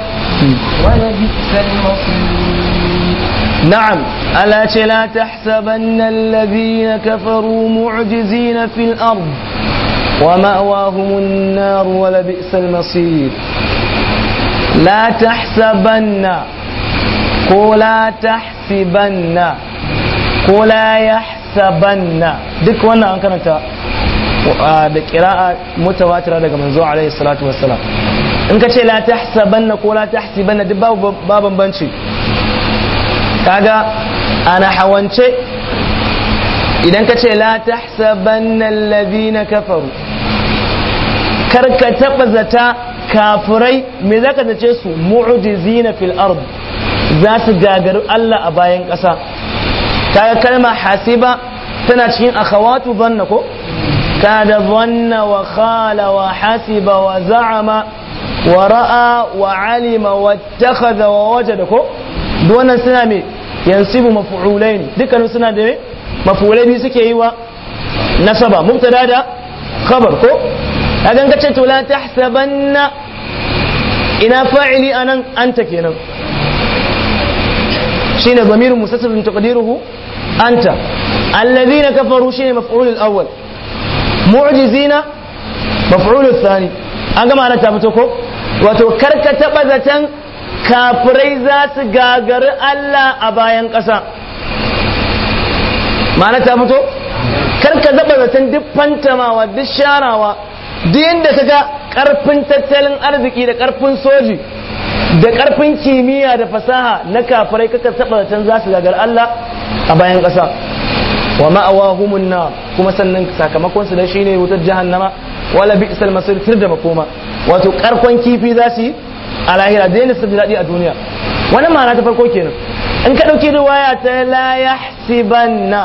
ولبئس المصير نعم ألا لا تحسبن الذين كفروا معجزين في الأرض ومأواهم النار ولبئس المصير لا تحسبن ولا تحسبن ولا يحسبن دك وانا ان كانت da kira'a mutawatira daga manzo alaihi salatu wassalam in ka ce la ko la tahsibanna duk babu bambanci kaga ana hawance idan ka ce la tahsabanna alladhina kafaru karka taba zata kafurai me zaka zace su mu'jizina fil ard za su gagaru Allah a bayan ƙasa kaga kalma hasiba tana cikin akhawatu dhanna ko kada dhanna wa khala wa hasiba wa za'ama wa ra'a wa alima wa ittakhadha wa wajada ko duk suna me yansibu maf'ulain dukkanin suna da me maf'ulai biyu suke yi wa nasaba mubtada da khabar ko kagan kace to la tahsabanna ina fa'ili anan anta kenan shine damirun mustatirun taqdiruhu anta alladhina kafaru shine maf'ul al-awwal mu'jizina maf'ul al-thani an gama ana ta fito ko wato karka taba zatan kafirai za su gagari Allah a bayan ƙasa ma'ana ta fito karka zaba zaton duk fantamawa duk sharawa duk yadda ta ga karfin tattalin arziki da karfin soji da karfin kimiyya da fasaha na kafirai kaka saba can za su gagar Allah a bayan kasa wa ma'awahumun na kuma sannan sakamakon su shi ne wutar jahannama wala bi'sal masir tir da makoma wato karkon kifi za su yi a lahira da yadda su daɗi a duniya wani ma'ana ta farko kenan in ka ɗauki riwaya ta la yahsibanna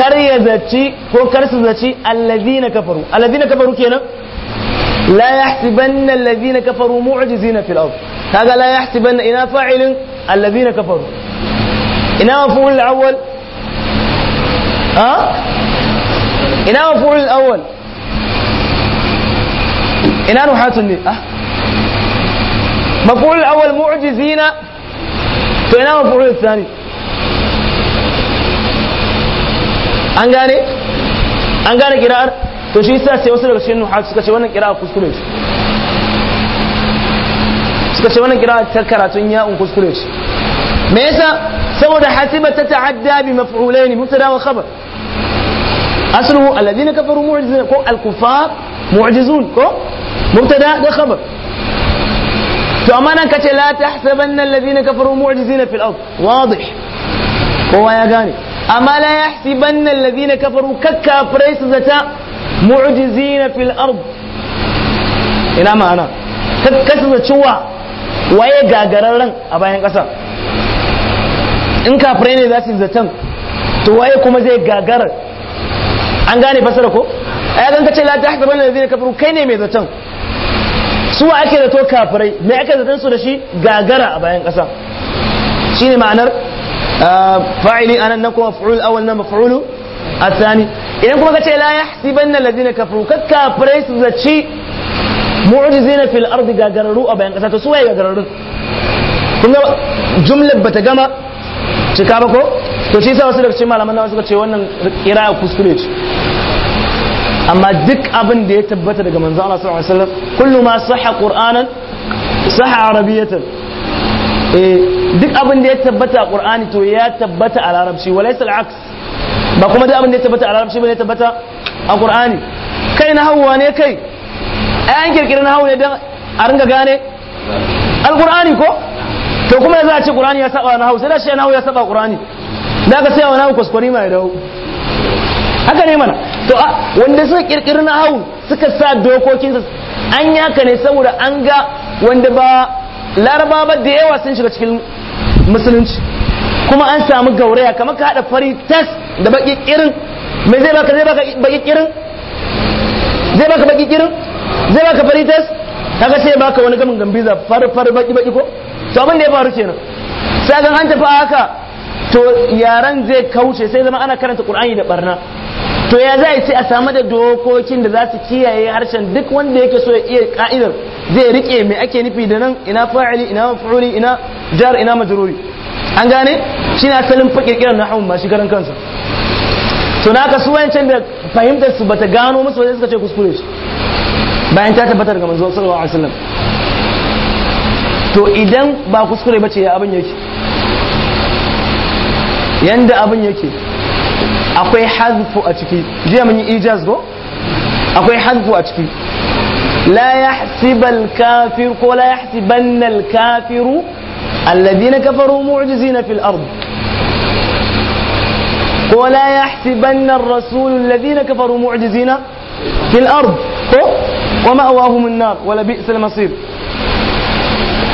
kar ya zaci ko kar su zaci allazina kafaru allazina kafaru kenan la yahsibanna allazina kafaru mu'jizina fil ard kaga la yahsibanna ina fa'ilin allazina kafaru ina maf'ul al-awwal ha ina maf'ul al-awwal ina ruhatun ne ah maf'ul al-awwal mu'jizina to ina maf'ul al-thani an gane an gane kira'ar to shi yasa sai wasu daga cikin nuhat suka ce wannan kira'a kuskure ce suka ce wannan kira'a ta karatun ya'un kuskure ce me yasa saboda hasiba ta ta'adda bi maf'ulaini mubtada wa khabar asluhu alladhina kafaru mu'jizun ko al-kuffar mu'jizun ko mubtada da khabar to amma nan kace la tahsabanna alladhina kafaru mu'jizina fil ard wadih kowa ya gane amma la yahsibanna na kafaru kakkafirai su zata mu'ujizi fil ard ina ma'ana kakkasu da cewa waye gagararren a bayan ƙasa in kafirai ne za su zaton to waye kuma zai gagara an gane fasara ko a yakan ce la tahsaban alladhina kafaru kai ne mai zaton su wa ake zato kafirai me ake zaton su da shi gagara a bayan ƙasa ne ma'anar fa'ili anan nan kuma maf'ul awal na maf'ulu athani idan kuma kace la yahsibanna alladhina kafaru kakkafirai su zaci mu'jizina fil ardi gagararru a bayan kasa to su waye gagararru kun ga jumlar bata gama cika ba ko to shi sa wasu daga cikin malaman nan suka ce wannan kira kuskure ce amma duk abin da ya tabbata daga manzo Allah sallallahu alaihi wasallam kullu ma sahha qur'anan sahha arabiyatan eh duk abin da ya tabbata a qur'ani to ya tabbata a larabci wa al-aks ba kuma duk abin da ya tabbata a larabci ba ya tabbata a qur'ani kai na hawa ne kai ai an kirkiri na hawa ne don a ringa gane al-qur'ani ko to kuma ya za a ce qur'ani ya saba na hawa sai da shi na hawa ya saba qur'ani da ka sai wani hawa kuskure mai dawo haka ne mana to a wanda suka kirkiri na hawa suka sa dokokinsa an yaka ne saboda an ga wanda ba larabawa ba da yawa sun shiga cikin musulunci kuma an samu gauraya kamar ka haɗa fari tas da baki kirin me zai baka zai baka baki kirin zai baka baki kirin zai baka fari tas kaga sai baka wani gamin gambiza far far baki baki ko to abin da ya faru kenan sai ga an tafi haka to yaran zai kauce sai zama ana karanta qur'ani da barna to ya zai sai a samu da dokokin da za su kiyaye harshen duk wanda yake so ya iya ka'idar zai rike mai ake nufi da nan ina fa'ili ina maf'uli ina jar ina majruri an gane shine asalin fakirkiran nahwu ba shi garan kansa to na ka su wancan da fahimtar su bata gano musu wajen suka ce kuskure shi bayan ta tabbatar ga manzo sallallahu alaihi wasallam to idan ba kuskure bace ya abin yake yanda abin yake akwai hadfu a ciki jiya mun yi ijaz go akwai hadfu a ciki la yahsibal kafir ko la yahsibanna al kafir alladhina kafaru mu'jizina fil ard ko la yahsibanna ar rasul alladhina kafaru mu'jizina fil ard ko wa ma'awahum an-nar wa la bi'sal masir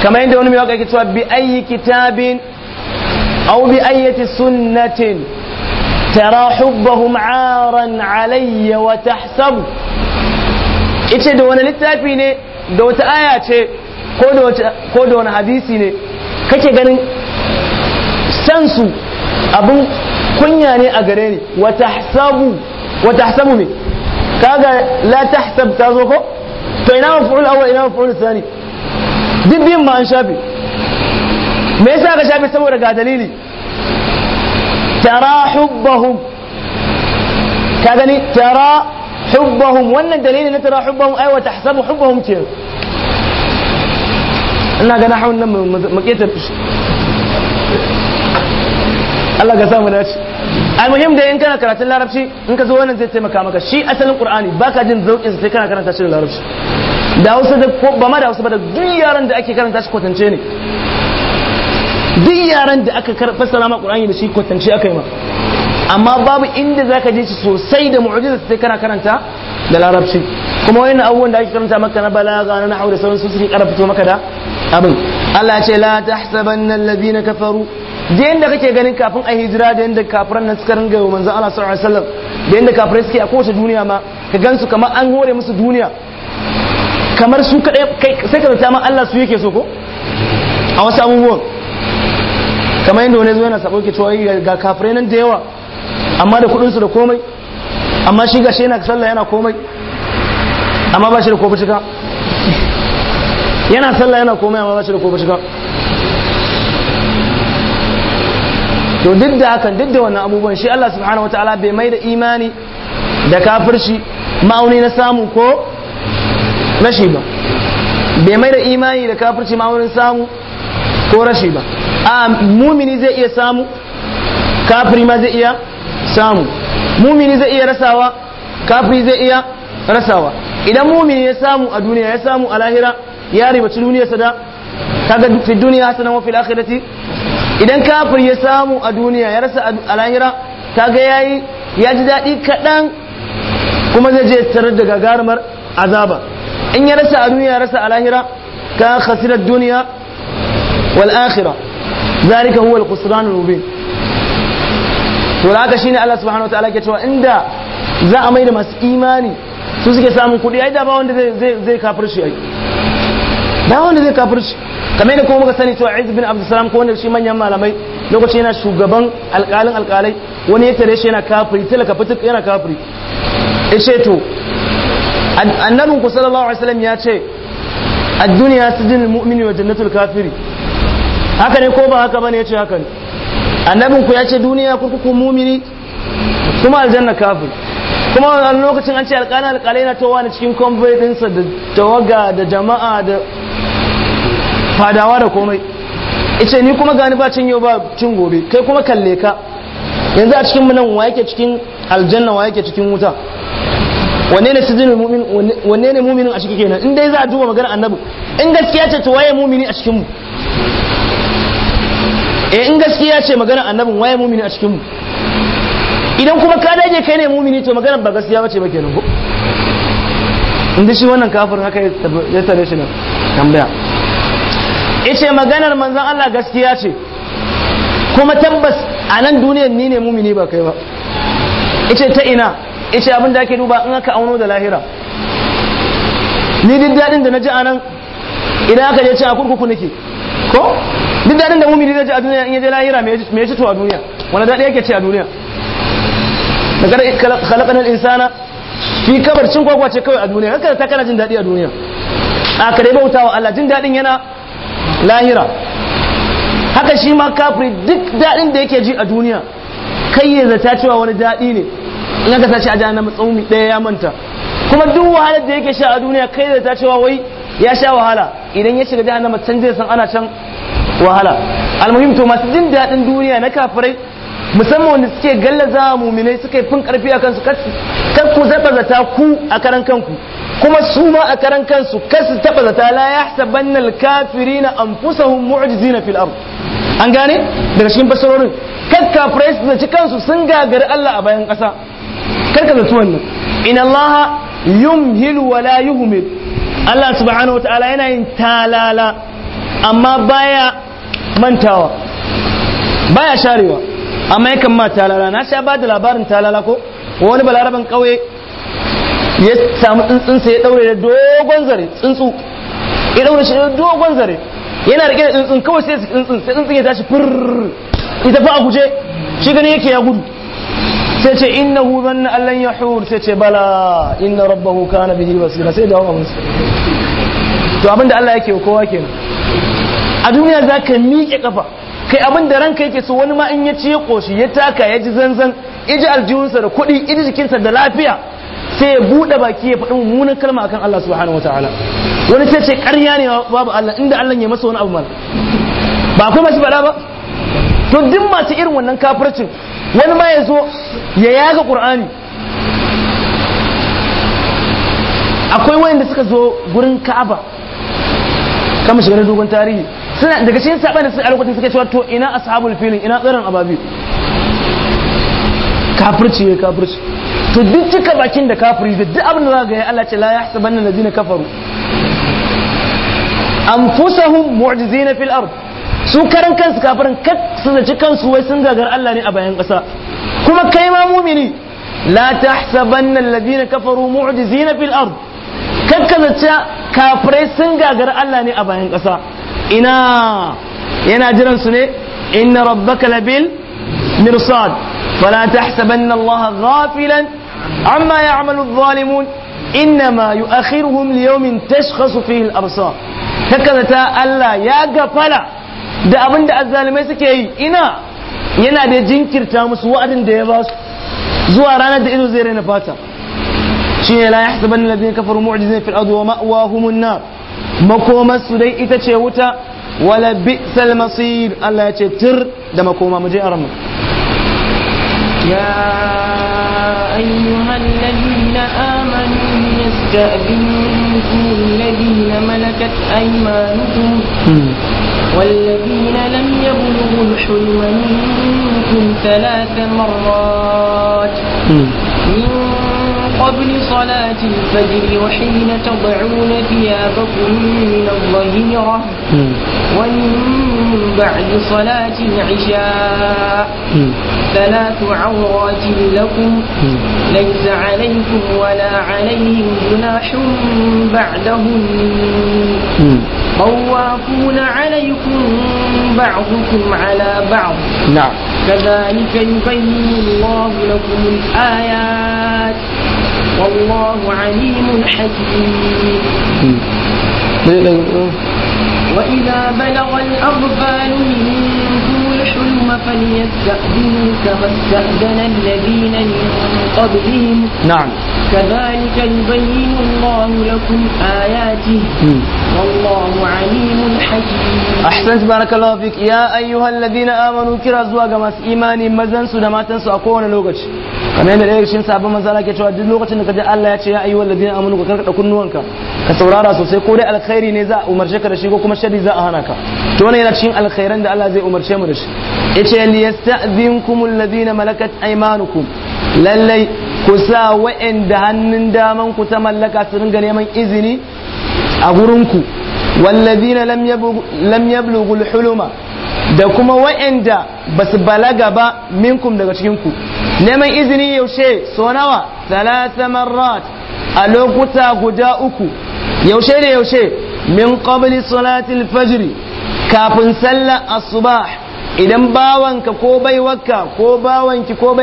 kama inda wani mai waka yake cewa bi ayi kitabin aw bi ayyati sunnatin tara hubbahum aran alayya wa ita da wani littafi ne da wata aya ce ko da wani hadisi ne kake ganin sansu su abin kunya ne a gare ni wa tahsabu wa kaga la tahsab ta zo ko to ina maf'ul awwal ina maf'ul thani duk biyun ma an shafi me yasa ka shafi saboda ga dalili tara hubbahum ka gani tara hubbahum wannan dalilin na tara hubbahum ai wa tahsabu hubbahum ke ina ga na hawan nan mu ka sa mu dace almuhim da karatun larabci wannan zai taimaka maka shi asalin qur'ani baka jin zaukin sai kana karanta shi da larabci da hausa da ba ma da hausa ba da duk yaran da ake karanta shi kwatance ne duk yaran da aka fassara ma qur'ani da shi kwatance aka yi ma amma babu inda zaka je shi sosai da mu'jiza sai kana karanta da larabci kuma wani abubuwan da ake karanta maka na balaga na nahwu da su suke karfafa maka da abin Allah ce la tahsabanna alladhina kafaru da yanda kake ganin kafin a hijira da yanda kafiran nan suka ringa yau manzon Allah sallallahu alaihi wasallam da yanda kafirai suke a kowace duniya ma ka gansu kamar an hore musu duniya kamar su kadai sai ka zata ma Allah su yake so ko a wasu abubuwan kamar yadda wani zuwa yana sako ke cewa ga kafirai nan da yawa amma da kudinsu da komai amma shi shi yana sallah yana komai amma ba shi da kofi cika yana sallah yana komai amma ba shi da kofi cika to duk da hakan duk da wannan abubuwan shi Allah subhanahu wataala bai mai da imani da kafirci ma'auni na samu ko rashi ba bai mai da imani da kafirci ma'aunin samu ko rashi ba mumini zai iya samu kafiri ma zai iya samu mumini zai iya rasawa kafiri zai iya rasawa idan mumini ya samu a duniya ya samu a lahira ya ribaci duniyarsa da kaga fi duniya hasanan wa fil akhirati idan kafiri ya samu a duniya ya rasa a lahira kaga yayi ya ji daɗi kaɗan kuma zai je tarar da gagarumar azaba in ya rasa a duniya ya rasa a lahira ka khasirar duniya wal akhira zalika huwa al-khusranul rubin to da haka shine Allah subhanahu wataala ke cewa inda za a maida masu imani su suke samun kudi ai da ba wanda zai zai shi ai da wanda zai shi kamar yadda kuma muka sani cewa Izz bin salam ko wanda shi manyan malamai lokacin yana shugaban alƙalin alƙalai wani ya tare shi yana kafiri talaka fitik yana kafiri ya ce to annabinku ku sallallahu alaihi wasallam ya ce ad-dunya sijnul mu'mini wa jannatul kafiri haka ne ko ba haka bane yace haka ne annabin ku yace duniya ku mumini kuma aljanna kafir kuma a lokacin an ce alƙalin alƙalai na towa ne cikin convoy ɗinsa da tawaga da jama'a da fadawa da komai ice ni kuma gani ba cin yau ba cin gobe kai kuma kalle ka yanzu a cikin nan wa yake cikin aljanna wa yake cikin wuta wanne ne sizin mu'min wanne ne mu'minin a cikin kenan in dai za a duba maganar annabi in gaskiya ce to waye mu'mini a cikin mu eh in gaskiya ce magana annabin waye mumini a cikin mu idan kuma ka dage kai ne mumini to magana ba gaskiya bace ba kenan ko dai shi wannan kafirin haka ya tare shi nan tambaya yace maganar manzon Allah gaskiya ce kuma tabbas a nan duniyar ni ne mumini ba kai ba yace ta ina yace abin da ake duba in aka auno da lahira ni duk dadin da na ji a nan idan aka je cin a kurkuku nake ko duk daɗin da mumini zai ji a duniya in ya je lahira me ya ci to a duniya wani daɗi yake ci a duniya daga khalaqan al-insana fi kabar cin kwakwa ce kawai a duniya haka ta kana jin daɗi a duniya a kare wa Allah jin daɗin yana lahira haka shi ma kafiri duk daɗin da yake ji a duniya kai ya zata cewa wani daɗi ne in aka sace a jahannama tsaumi ɗaya ya manta kuma duk wahalar da yake sha a duniya kai ya zata cewa wai ya sha wahala idan ya shiga nama can san ana can wahala almuhim to masu jin daɗin duniya na kafirai musamman wanda suke galla a muminai suka yi fin karfi a kansu kar ku zaba ku a karan kanku kuma su ma a karan kansu kar su taba zata la kafiri na amfusahun mu'jizina na filar. an gane daga cikin fasarorin kar kafirai su zaci kansu sun gagari Allah a bayan kasa kar ka wannan in Allah yumhil wala la yuhmil Allah subhanahu wataala yana yin talala amma baya mantawa baya sharewa amma yakan ma talala na sha ba da labarin talala ko wani balaraban kauye ya samu sai ya daure da dogon zare tsuntsu ya daure shi da dogon zare yana rike da tsuntsun kawai sai tsuntsun sai tsuntsun ya tashi fur ita fa a guje shi gani yake ya gudu sai ce innahu na allon ya yahur sai ce bala inna rabbahu kana bihi basira sai jawo su to abinda Allah yake kowa kenan a duniya zaka miƙe ƙafa kai abin da ranka yake so wani ma in ya ce ya ƙoshi ya taka ya ji zanzan iji aljihunsa da kuɗi iji jikinsa da lafiya sai ya buɗe baki ya faɗi mummunan kalma akan Allah subhanahu wataala wani sai ce ƙarya ne babu Allah inda Allah ya masa wani abu mana ba kuma masu faɗa ba to duk masu irin wannan kafircin wani ma ya zo ya yaga qur'ani akwai wayanda suka zo gurin ka'aba kama shigar dogon tarihi suna daga cikin saɓa da su a lokacin suka cewa to ina ashabul filin ina tsaron ababi kafirci ya kafirci to duk cika bakin da kafiri da duk abin da za ga ya Allah ce la ya yahsabanna allazina kafaru anfusahum mu'jizina fil ard su karan kansu kafirin kar su zaci kansu wai sun gagar Allah ne a bayan ƙasa kuma kai ma mumini la tahsabanna alladhina kafaru mu'jizina fil ard kakkazace kafirai sun gagar Allah ne a bayan ƙasa ina yana jiran su ne inna rabbaka labil mirsad fala tahsabanna Allah ghafilan amma ya'malu adh-dhalimun innama yu'akhiruhum liyawmin tashkhasu fihi al-absar kakkazace Allah ya gafala da abin da azzalimai suke yi ina yana da jinkirta musu wa'adin da ya ba su zuwa ranar da ido zai raina fata shine la yahsaban alladhina kafaru mu'jizina fil ardi wa ma'wahumun nar makomar su dai ita ce wuta wala bi'sal masir Allah ya ce tir da makoma mu je a ramu يا أيها الذين آمنوا يستأذنكم الذين والذين لم يبلغوا الحلم منكم ثلاث مرات من قبل صلاة الفجر وحين تضعون ثيابكم من الظهيرة ومن بعد صلاة العشاء ثلاث عورات لكم ليس عليكم ولا عليهم جناح بعدهن طوافون عليكم بعضكم على بعض نعم كذلك يبين الله لكم الآيات والله عليم حكيم وإذا بلغ الأطفال منكم فليستأذنوا كما استأذن الذين من قبلهم نعم كذلك يبين الله لكم آياته والله عليم حكيم أحسنت بارك الله فيك يا أيها الذين آمنوا كرا زواج masu imani مزن su da لوجش a kowane lokaci kamar yadda ɗaya shi sabon manzala ke cewa duk lokacin da ka ji Allah ya ce ya ayyuhal ladina amanu ka da kunnuwanka ka saurara sosai ko dai alkhairi ne za a umarce ka da shi ko kuma shari za a hana ka to wannan yana cikin alkhairan da Allah zai umarce mu da shi yace liyasta'zinkum alladhina malakat aymanukum lallai ku sa wa'anda hannun daman ku ta mallaka su ringa neman izini a gurinku walladhina lam yablughu alhuluma da kuma wa'anda basu balaga ba minkum daga cikin ku neman izini yaushe so nawa thalatha marrat a lokuta guda uku yaushe da yaushe min qabli salati alfajr kafin sallar asubah idan bawanka ko baiwarka ko bawanki ko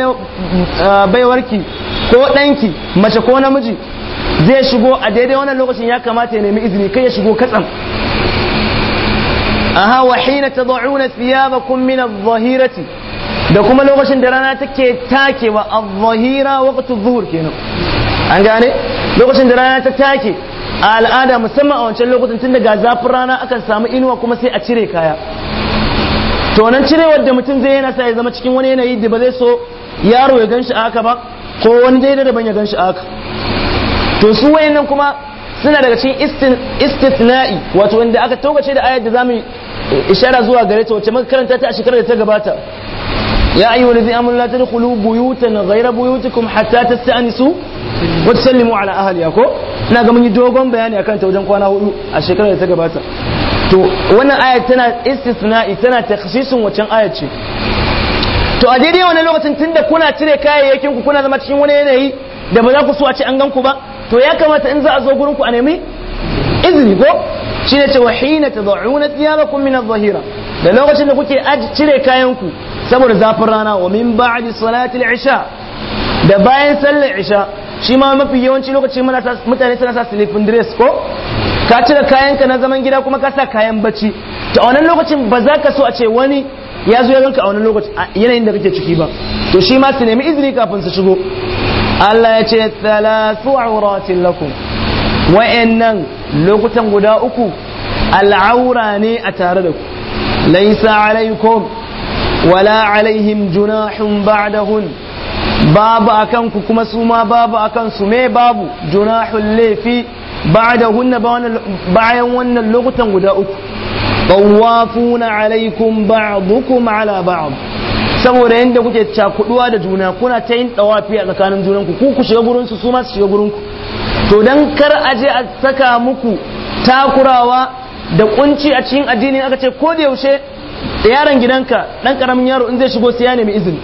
baiwarki ko ɗanki mace ko namiji zai shigo a daidai wannan lokacin ya kamata ya nemi izini kai ya shigo katsan aha wa hina tad'una thiyabakum min adh-dhahirati da kuma lokacin da rana take wa adh-dhahira waqtu adh kenan an gane lokacin da rana ta take a al'ada musamman a wancan lokacin tun daga zafin rana akan samu inuwa kuma sai a cire kaya to nan cirewar da mutum zai yana sa ya zama cikin wani yanayi da ba zai so yaro ya ganshi aka ba ko wani dai da ban ya ganshi aka to su wayannan kuma suna daga cikin istithna'i wato wanda aka taukace da ayar da zamu ishara zuwa gare ta wacce muka karanta ta a shekarar da ta gabata ya ayyuha allazi amanu la tadkhulu buyutan ghayra buyutikum hatta tasta'nisu wa tusallimu ala ahliha ko ina ga mun yi dogon bayani akan ta wajen kwana hudu a shekarar da ta gabata to wannan aya tana istisna'i tana takhsisun wacin aya ce to a daidai wannan lokacin tunda kuna cire kayayyakin ku kuna zama cikin wani yanayi da ba za ku so a ce an gan ku ba to ya kamata in za a zo gurin ku a nemi izini ko ne ce zauna tad'una thiyarakum min adh-dhahira da lokacin da kuke cire kayan ku saboda zafin rana wa min ba'di salati al-isha da bayan sallar isha shi ma mafi yawanci lokacin mutane suna sa silifin dress ko ka cire kayanka na zaman gida kuma ka sa kayan bacci to a wannan lokacin ba za ka so a ce wani ya zo ya ganka a wannan lokacin yanayin da kake ciki ba to shi ma su nemi izini kafin su shigo Allah ya ce thalathu awratin lakum wa'annan lokutan guda uku al'aura ne a tare da ku laysa alaikum wala alaihim junahun ba'dahun babu akan ku kuma su ma babu akan su me babu junahun laifi bayan wannan lokutan guda uku tawafuna alaikum ba'dukum ala ba'd saboda yadda kuke cakuduwa da juna kuna ta yin tawafi a tsakanin junanku ku ku shiga gurin su su ma su shiga gurin ku to dan kar a je a saka muku takurawa da kunci a cikin addini aka ce ko da yaushe yaron gidanka dan karamin yaro in zai shigo sai ya nemi izini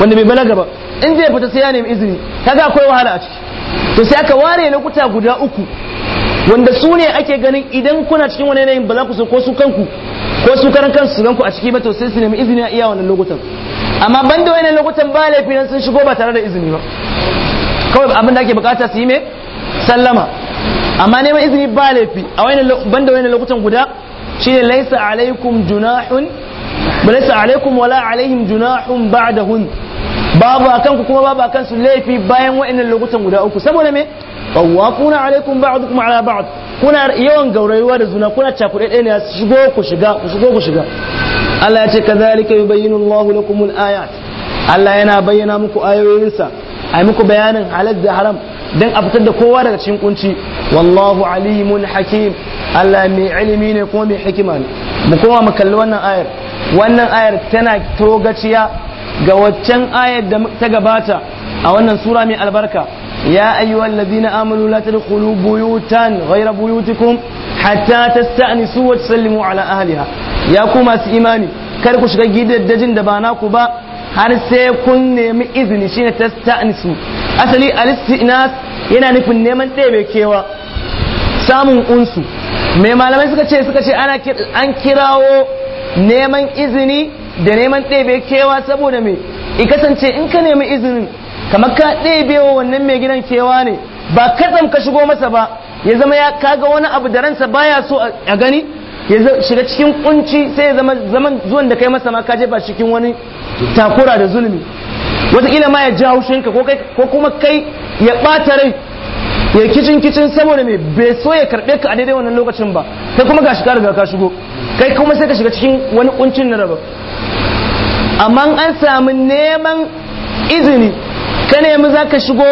wanda bai balaga ba in zai fita sai ya nemi izini kaga akwai wahala a ciki to sai aka ware lokuta guda uku wanda su ne ake ganin idan kuna cikin wani yanayin ba za ku so ko su kanku ko su karan kansu su ganku a ciki ba to sai su nemi izini a iya wannan lokutan amma ban da wannan lokutan ba laifi nan sun shigo ba tare da izini ba kawai abin da ake bukata su yi me sallama amma neman izini ba laifi a wannan ban da wannan lokutan guda shine laisa alaikum junahun laisa alaikum wala alaihim junahun ba'dahun babu akan ku kuma babu akan su laifi bayan wa'annan lokutan guda uku saboda me tawafuna alaikum ba'dukum ala ba'd kuna yawan gaurayuwa da zuna kuna cakuɗe ɗaya ne su shigo ku shiga ku shigo ku shiga Allah ya ce kazalika yubayyinu Allahu lakum al-ayat Allah yana bayyana muku ayoyinsa ai muku bayanin halal da haram dan a fitar da kowa daga cikin kunci wallahu alimun hakim Allah mai ilimi ne kuma mai hikima ne mu koma mu kalli wannan ayar wannan ayar tana togaciya ga waccan ayar da ta gabata a wannan sura mai albarka ya ayyuhal ladina amanu la tadkhulu buyutan ghayra buyutikum hatta tasta'nisu wa tusallimu ala ahliha ya ku masu imani kar ku shiga gidaddajin da ba naku ba har sai kun nemi izini shine tasta'nisu asali al-istinas yana nufin neman ɗebe kewa samun unsu mai malamai suka ce suka ce ana an kirawo neman izini da neman ɗebe kewa saboda me i kasance in ka nemi izinin kamar ka ɗebe wa wannan mai gidan kewa ne ba katsam ka shigo masa ba ya zama ya kaga wani abu da ransa baya so a gani ya shiga cikin kunci sai ya zama zaman zuwan da kai masa ma ka je ba cikin wani takura da zulmi wataƙila ma ya ja haushinka ko kuma kai ya ɓata rai ya kicin kicin saboda me bai so ya karbe ka a daidai wannan lokacin ba kai kuma gashi ka riga ka shigo kai kuma sai ka shiga cikin wani kuncin na raba amma an samu neman izini ka nemi za ka shigo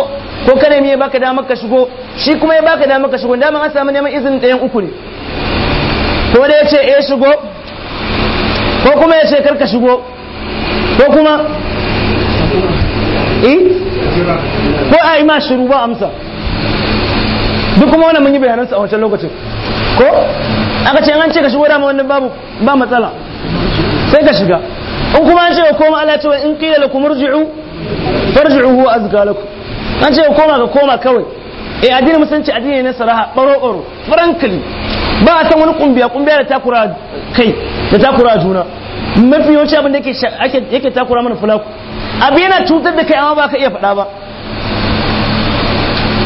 ko ka nemi ya baka damar ka shigo shi kuma ya baka damar ka shigo dama an samu neman izini ɗayan uku ne ko da ya ce eh shigo ko kuma ya ce kar ka shigo ko kuma eh ko a yi ma shiru ba amsa duk kuma wannan mun yi su a wancan lokacin ko aka ce an ce ka shigo dama wannan babu ba matsala sai ka shiga in kuma an ce ka koma Allah ce in qila lakum irji'u farji'uhu huwa azka lakum an ce ka koma ka koma kawai eh addinin musulunci addini ne saraha baro baro frankly ba a san wani kumbiya kumbiya da takura kai da takura juna mafi yawanci abin da yake yake takura mana fulaku abu yana cutar da kai amma ba ka iya faɗa ba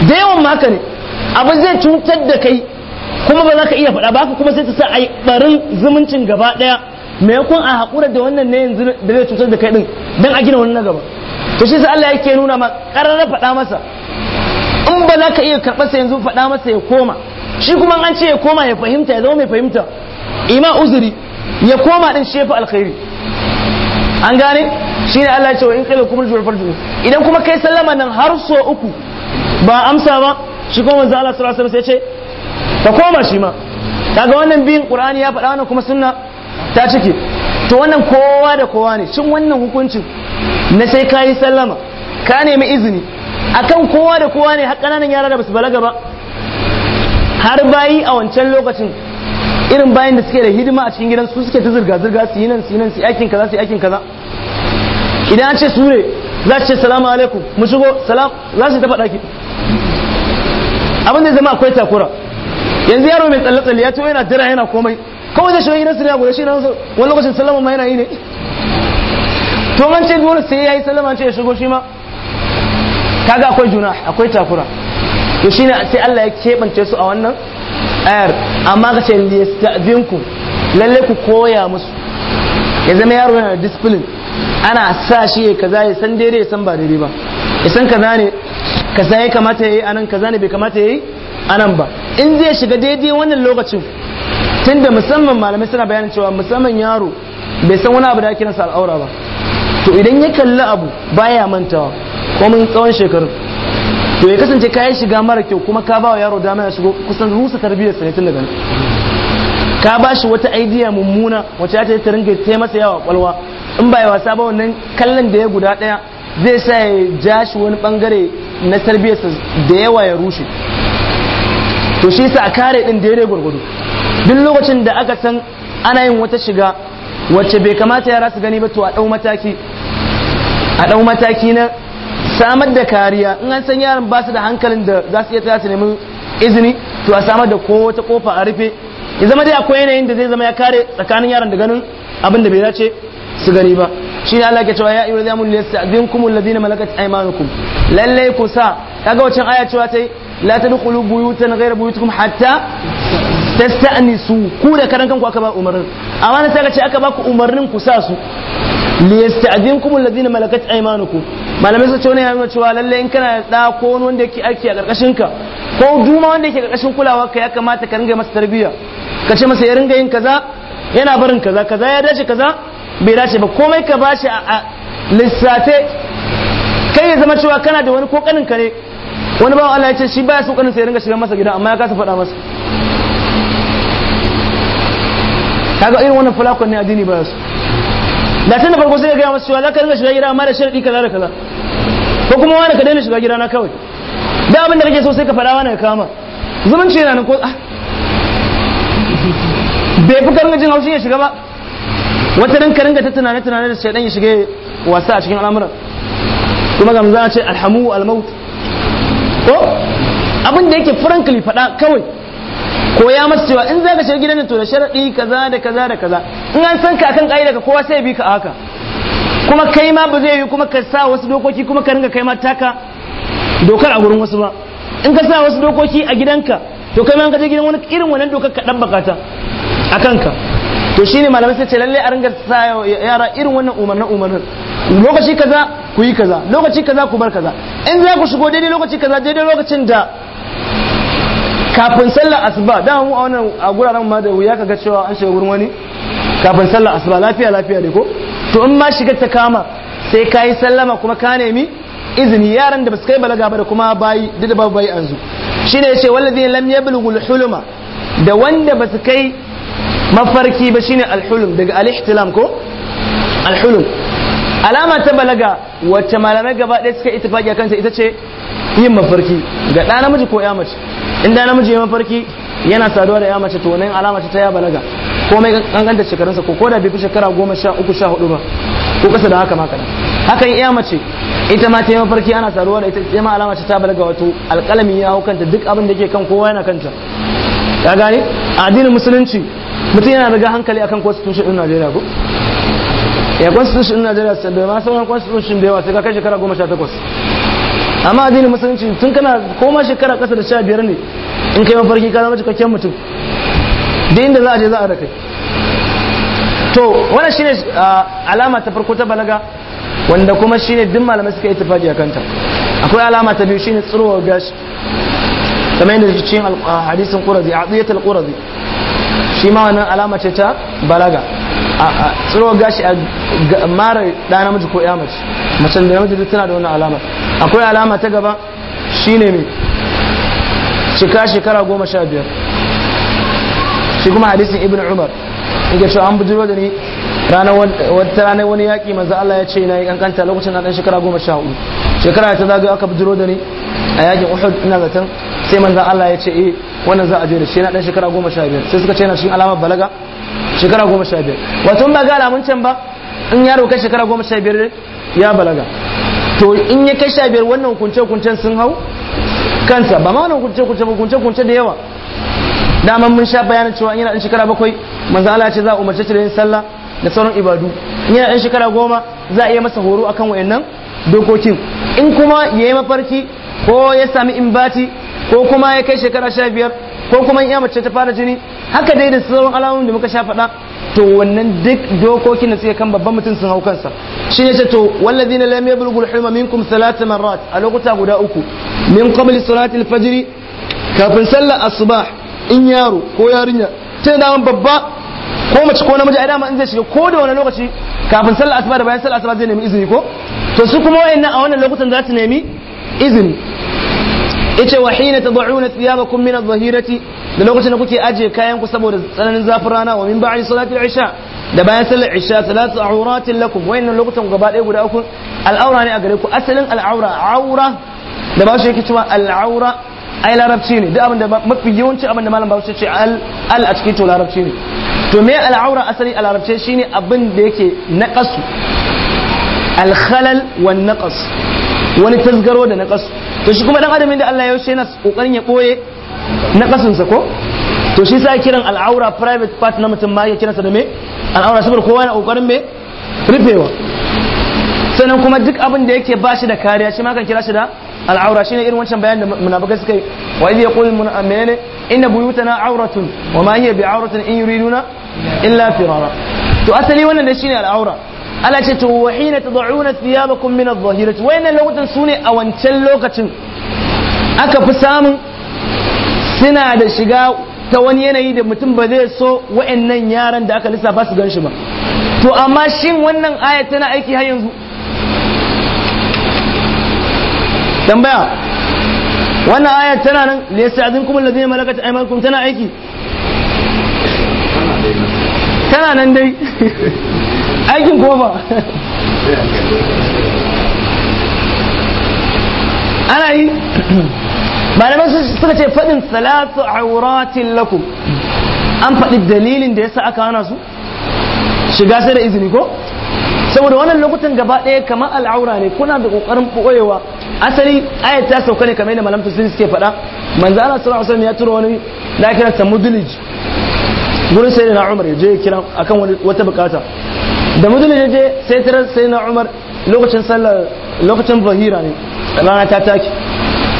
da yawan ne abin zai cutar da kai kuma ba za ka iya faɗa ba ka kuma sai ta sa a barin zumuncin gaba ɗaya kun a haƙura da wannan ne yanzu da zai cutar da kai din dan a gina wannan na gaba to shi sai Allah yake nuna ma ƙararra faɗa masa in ba za ka iya karɓarsa yanzu faɗa masa ya koma shi kuma an ce ya koma ya fahimta ya zama mai fahimta ima uzuri ya koma din shefa alkhairi an gane shi ne Allah ya ce wa in kuma kumul jurfar idan kuma kai sallama nan har so uku ba amsa ba shi kuma manzo Allah sallallahu alaihi wasallam sai ce ka koma shi ma kaga wannan bin qur'ani ya faɗa wannan kuma sunna ta ciki to wannan kowa da kowa ne shin wannan hukuncin na sai ka yi sallama ka nemi izini akan kowa da kowa ne har ƙananan yara da basu balaga ba har bayi a wancan lokacin irin bayan da suke da hidima a cikin gidan su suke ta zirga zirga su yi nan su yi nan su aikin kaza su aikin kaza idan an ce sure za su ce salamu alaikum mu shigo salam za su ta faɗa ki abin da zama akwai takura yanzu yaro mai tsalle-tsalle ya ce yana jira yana komai kawai zai shi sirri a gudu shi wani lokacin sallama ma yana yi ne to man ce dole sai ya yi salama ce ya shigo shi ma kaga akwai juna akwai takura to shi ne sai Allah ya keɓance su a wannan ayar amma ka ce liyastazinku lalle ku koya musu ya zama yaro yana da discipline ana sa shi ya kaza ya san daidai ya san ba daidai ba ya san kaza ne kaza ya kamata yi anan kaza ne bai kamata yi anan ba in zai shiga daidai wannan lokacin tun da musamman malamai suna bayanin cewa musamman yaro bai san wani abu da ake nasa al'aura ba to idan ya kalli abu baya mantawa mun tsawon shekaru to ya kasance kayan shiga mara kyau kuma ka ba wa yaro dama ya shigo kusan rusa tarbiyyar sa ne tun daga ka ba shi wata idea mummuna wacce ta ta ringa ta masa yawa kwalwa in ba ya wasa ba wannan kallon da ya guda daya zai sa ya ja shi wani bangare na tarbiyyarsa da yawa ya rushe to shi sa a kare din daidai gwargwado duk lokacin da aka san ana yin wata shiga wacce bai kamata yara su gani ba to a dau mataki na samar da kariya in an san yaran ba su da hankalin da za su iya tsaya su nemi izini to a samar da ko wata kofa a rufe ya zama dai akwai yanayin da zai zama ya kare tsakanin yaran da ganin abin da bai dace su gani ba shi ne Allah ke cewa ya ayyuhal ladina yasta'dinkum alladina malakat aymanukum lalle ku sa kaga wacin aya cewa tai la tadkhulu buyutan ghayra buyutikum hatta tasta'nisu ku da karan kanku aka ba umarnin amma ne sai ka ce aka ba ku umarnin ku sa su liyasta'dinkum alladina malakat aymanukum malamai cewa ce wani yana cewa lalle in kana da ko wani wanda yake aiki a karkashin ka ko duma wanda yake karkashin kulawar ka ya kamata ka ringa masa tarbiyya ka ce masa ya ringa yin kaza yana barin kaza kaza ya dace kaza bai dace ba komai ka bashi a lissafe kai ya zama cewa kana da wani kokarin ka ne wani bawan Allah ya ce shi baya so kanin sai ringa shiga masa gida amma ya kasa faɗa masa kaga irin wannan fulakon ne addini ba so da tun da farko sai ya gaya masa cewa za ka ringa shiga gida amma da sharadi kaza da kaza ko kuma wani ka daina shiga gida na kawai da abin da kake so sai ka faɗa wani ka kama zumunci yana nan ko ah. bai fi karin jin haushin ya shiga ba wata ran ka ringa ta tunane tunane da shaidan ya shige wasa a cikin al'amuran kuma ga za a ce alhamu almaut ko abin da yake frankly faɗa kawai ko ya masa cewa in za ka shiga gidan to da sharaɗi kaza da kaza da kaza in an san ka akan ƙa'ida ka kowa sai bi ka haka kuma kai ma ba zai yi kuma ka sa wasu dokoki kuma ka ringa kai ma taka dokar a gurin wasu ba in ka sa wasu dokoki a gidanka to kai ma ka je gidan wani irin wannan dokar ka dan bakata a kanka to shi ne malamai sai ce lalle a ringa sa yara irin wannan umarnin umarnin lokaci kaza ku yi kaza lokaci kaza ku bar kaza in za ku shigo daidai lokaci kaza daidai lokacin da kafin sallar asuba da mu a wannan a guraren ma da wuya kaga cewa an shiga wurin wani kafin sallar asuba lafiya lafiya ne ko to in ma shiga ta kama sai ka yi sallama kuma ka nemi izini yaran da ba su kai balaga ba da kuma bayi duk da babu bayi ne shine yace wallazi lam yablughu huluma da wanda ba su kai mafarki ba shine alhulum daga alihtilam ko alhulum alama ta balaga wacce malamai gaba ɗaya suka ittifaki kanta ita ce yin mafarki ga ɗa namiji ko ya mace in da namiji ya mafarki yana saduwa da ya mace to nan alama ta ya balaga ko mai kankanta shekarunsa ko koda bai fi shekara goma sha uku sha hudu ba ko kasa da haka maka hakan ya mace ita ma ta yi mafarki ana saduwa da ita ma alama ta balaga wato alƙalami ya hau kanta duk abin da ke kan kowa yana kanta ka gane addinin musulunci mutum yana daga hankali akan constitution din Najeriya ko ya constitution din Najeriya sai da ma sauran constitution da yawa sai ka kai shekara 18 amma addinin musulunci tun kana koma shekara kasa da 15 ne in kai mafarki ka zama cikakken mutum da inda za a je za a da kai to wannan shine alama ta farko ta balaga wanda kuma shine duk malamai suka yi tafaki a kanta akwai alama ta biyu shine tsirowar gashi kamar yadda yake cikin ah, hadisin a aziyatul ƙurazi shi ma wannan alama ce ta balaga a tsiro gashi a marar da namiji ko ya mace mace da namiji tana da wannan alama akwai alama ta gaba shi ne mai cika shekara goma sha biyar shi kuma hadisin ibn umar in ga cewa an bujiro da ni ranar wata wani yaƙi manzo Allah ya ce na yi kankanta lokacin na ɗan shekara goma sha hudu shekara ta zagayo aka bidiro da ni a yaƙin Uhud ina zaton sai manzo Allah ya ce eh wannan za a je da shi na ɗan shekara goma sha biyar sai suka ce na cikin alamar balaga shekara goma sha biyar wato ba ga alamun can ba in yaro kai shekara goma sha biyar ya balaga to in ya kai sha biyar wannan kunce kuncen sun hau kansa ba ma wannan kunce kunce ba kunce kunce da yawa daman mun sha bayanin cewa yana ɗan shekara bakwai manzo Allah ya ce za a umarce shi da yin sallah da sauran ibadu yana dan shekara goma za a iya masa horo akan wayannan dokokin in kuma ya yi mafarki ko ya sami imbati ko kuma ya kai shekara sha biyar ko kuma ya mace ta fara jini haka dai da sauran alamomin da muka sha faɗa to wannan duk dokokin da suke kan babban mutum sun hau kansa shi ne to wallazina lam yablughu al-hulma minkum thalath marat a lokuta guda uku min qabli salati al-fajr kafin sallar asbah in yaro ko yarinya tana da babba ko mace ko namiji ai dama in zai shiga ko da wani lokaci kafin sallar asuba da bayan sallar asuba zai nemi izini ko to su kuma wayannan a wannan lokutan za su nemi izini yace wa hina tad'una thiyabakum min adh-dhahirati da lokacin da kuke aje kayan ku saboda tsananin zafin rana wa min ba'di salati al-isha da bayan sallar isha salatu auratin lakum wayannan lokutan gaba ɗaya guda uku al'aura ne a gare ku asalin al'aura aura da ba shi yake cewa al'aura ai larabci ne duk abinda mafi yawanci abinda malam bahaushe ce al al a cikin to larabci ne to me al'aura asali a larabce shine abin da yake naqasu al-khalal naƙasu naqas wani tasgaro da naqas to shi kuma dan adam da Allah ya yi yana kokarin ya ɓoye naqasin sa ko to shi sa kiran al'aura private part na mutum ma ya kiransa da me al'aura saboda kowa yana kokarin me rufewa sannan kuma duk abin da yake bashi da kariya shi ma kan kira shi da al'aura shine irin wancan bayan da munafikai suka yi wa idh yaqulu menene inna buyutana auratun wa ma hiya bi'auratin in yuriduna illa firara to asali wannan da shine al'aura Allah ce to wa hina tad'una thiyabakum min adh-dhahirati wa inna lokutan sune a wancan lokacin aka fi samun suna da shiga ta wani yanayi da mutum ba zai so wa'annan yaran da aka lissafa su gan shi ba to amma shin wannan aya tana aiki har yanzu tambaya wannan ayat tana nan da yasa azin kuma lazina malakat aymankum tana aiki tana nan dai aikin ko ba ana yi malamai suka ce faɗin salatu auratin laku an faɗi dalilin da ya sa aka hana su shiga sai da izini ko saboda wannan lokutan gaba ɗaya kamar al'aura ne kuna da kokarin boyewa asali ayat ta sauka ne kamar yadda malam sun suke faɗa manzo Allah sallallahu alaihi wasallam ya turo wani da kira mudlij gurin sai na Umar je kira akan wata bukata da mudlij je sai tara sai na Umar lokacin sallar lokacin zahira ne rana ta take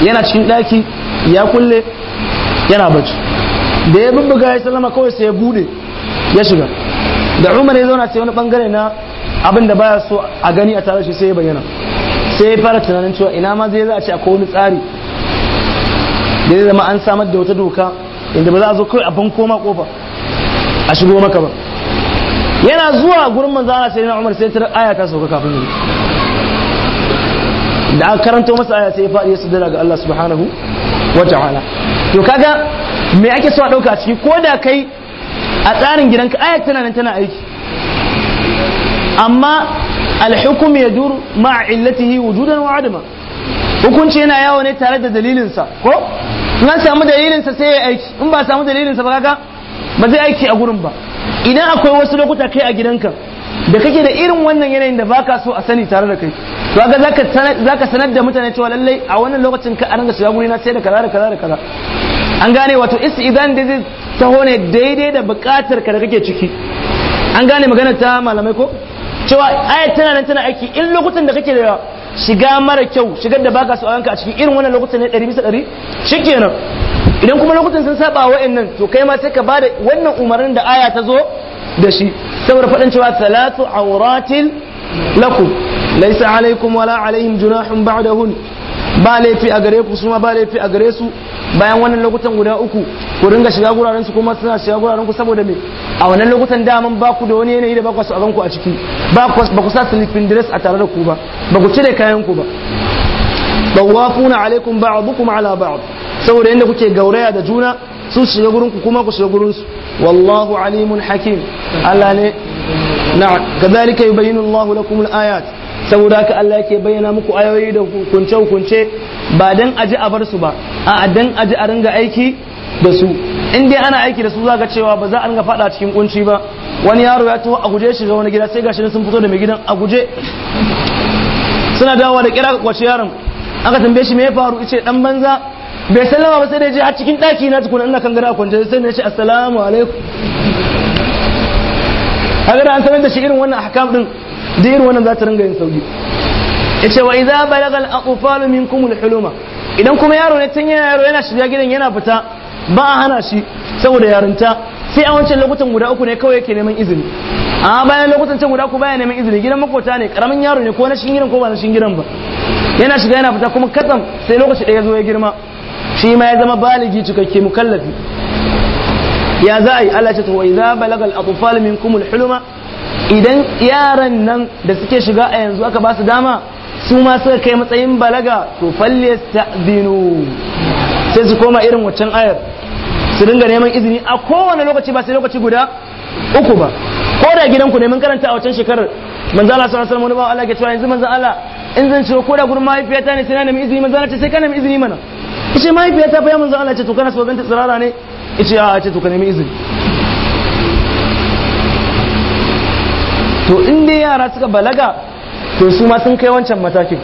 yana cikin daki ya kulle yana bacci da ya bubbuga ya sallama kawai sai ya bude ya shiga da Umar ya zauna sai wani bangare na abin da baya so a gani a tare shi sai ya bayyana sai ya fara tunanin cewa ina ma zai za a ce akwai wani tsari da zai zama an samar da wata doka inda ba za a zo kawai abin koma kofa a shigo maka ba yana zuwa gurin manzo Allah sai na Umar sai tar aya ta sauka kafin yi da aka karanto masa aya sai ya faɗi ya sujjada ga Allah subhanahu wa ta'ala to kaga me ake so a dauka ciki ko da kai a tsarin gidanka ayat tana nan tana aiki amma alhukum ya duru ma'a illatihi wujudan wa adama hukunci yana yawo ne tare da dalilinsa ko in an samu dalilinsa sai ya aiki in ba samu dalilinsa ba kaga ba zai aiki a gurin ba idan akwai wasu lokuta kai a gidanka da kake da irin wannan yanayin da baka so a sani tare da kai to ga zaka sanar da mutane cewa lallai a wannan lokacin ka aranga ga shiga gurina sai da kaza da kaza da kaza an gane wato istidan da zai taho ne daidai da bukatar ka da kake ciki an gane magana ta malamai ko cewa aya tana nan tana aiki in lokutan da kake da shiga mara kyau shigar da baka so a yanka a cikin irin wannan lokutan ne 100 bisa ɗari shikenan idan kuma lokutan sun saba wayannan to kai ma sai ka bada wannan umarnin da aya ta zo da shi saboda faɗin cewa salatu auratil lakum laysa alaikum wala alaihim junahun ba'dahun ba laifi a gare ku ba laifi a gare su bayan wannan lokutan guda uku ku ringa shiga guraren su kuma suna shiga guraren ku saboda me a wannan lokutan daman ba ku da wani yanayi da ba ku a ku a ciki ba ku sa sleeping dress a tare da ku ba ba ku cire kayan ku ba dawafuna alaikum ba'dukum ala ba'd saboda yanda kuke gauraya da juna su shiga gurin ku kuma ku shiga gurin su wallahu alimun hakim Allah ne na kadhalika yubayyinu Allahu lakum al-ayat saboda haka Allah yake bayyana muku ayoyi da hukunce hukunce ba dan aji a bar su ba a dan aji a ringa aiki da su in dai ana aiki da su zaka cewa ba za a ringa fada cikin kunci ba wani yaro ya taho a guje shi ga wani gida sai gashi sun fito da mai gidan a guje suna dawowa da kira kwace yaron aka tambaye shi me ya faru yace dan banza bai sallama ba sai da je har cikin daki na tukuna ina kan a kwance sai ne shi assalamu alaikum haka da an sanar da shi irin wannan hakam din da irin wannan za ta ringa yin sauki yace wa idza balagha al-atfalu minkum huluma idan kuma yaro ne tun yana yaro yana shiga gidan yana fita ba a hana shi saboda yarinta sai a wancan lokutan guda uku ne kawai yake neman izini a bayan lokutan can guda uku baya neman izini gidan makota ne karamin yaro ne ko na gidan ko ba na gidan ba yana shiga yana fita kuma katsam sai lokaci ɗaya zo ya girma shi ma ya zama baligi cikakke mukallafi ya za a yi Allah ce waiza wa idza balagal atfal minkum al-huluma idan yaran nan da suke shiga a yanzu aka ba su dama su ma suka kai matsayin balaga to falle ta'zinu sai su koma irin waccan ayar su dinga neman izini a kowane lokaci ba sai lokaci guda uku ba ko da gidanku ne mun karanta a waccan shekarar manzo Allah sallallahu alaihi wasallam ba Allah ke cewa yanzu manzo Allah in zan ciro ko da gurin mahaifiyata ne sai na nemi izini manzo Allah ce sai ka nemi izini mana ce mahaifiyata fa ya manzo Allah ce to kana so ganta ta tsirara ne ce a ce to ka nemi izini to in dai yara suka balaga to su ma sun kai wancan matakin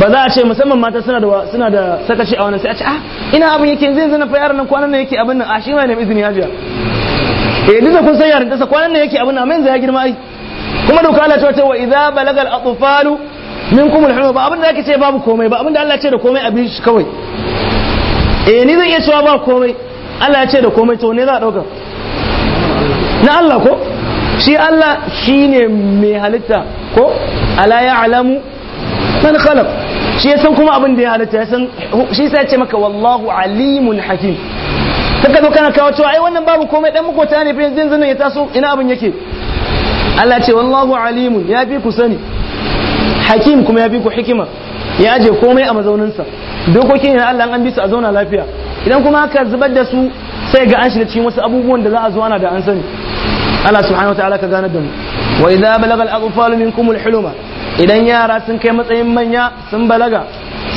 ba za a ce musamman mata suna da suna da sakaci a wannan sai a ce ah ina abin yake zai zana fa yaran nan kwanan nan yake abin nan a shi ma ne izini ya jiya eh kun san yaran tasa kwanan nan yake abin nan amma yanzu ya girma ai kuma doka Allah ta ce wa idza al atfalu minkum alhulum ba abin da yake ce babu komai ba abin da Allah ya ce da komai abin shi kawai eh ni zan iya cewa ba komai Allah ya ce da komai to ne za a dauka na Allah ko shi Allah shi ne mai halitta ko ala ya alamu man khalaq shi ya kuma abin da ya halitta ya shi sai ya ce maka wallahu alimun hakim kaga zo kana kawo cewa ai wannan babu komai dan makota ne fa yanzu nan ya taso ina abin yake Allah ce wallahu alimun ya fi ku sani hakim kuma ya fi ku hikima ya je komai a sa dokokin ne Allah an bi su a zauna lafiya idan kuma aka zubar da su sai ga an shiga cikin wasu abubuwan da za a zo ana da an sani Allah subhanahu wataala ka gane da mu wa idza balaga al-aghfal minkum al-huluma idan yara sun kai matsayin manya sun balaga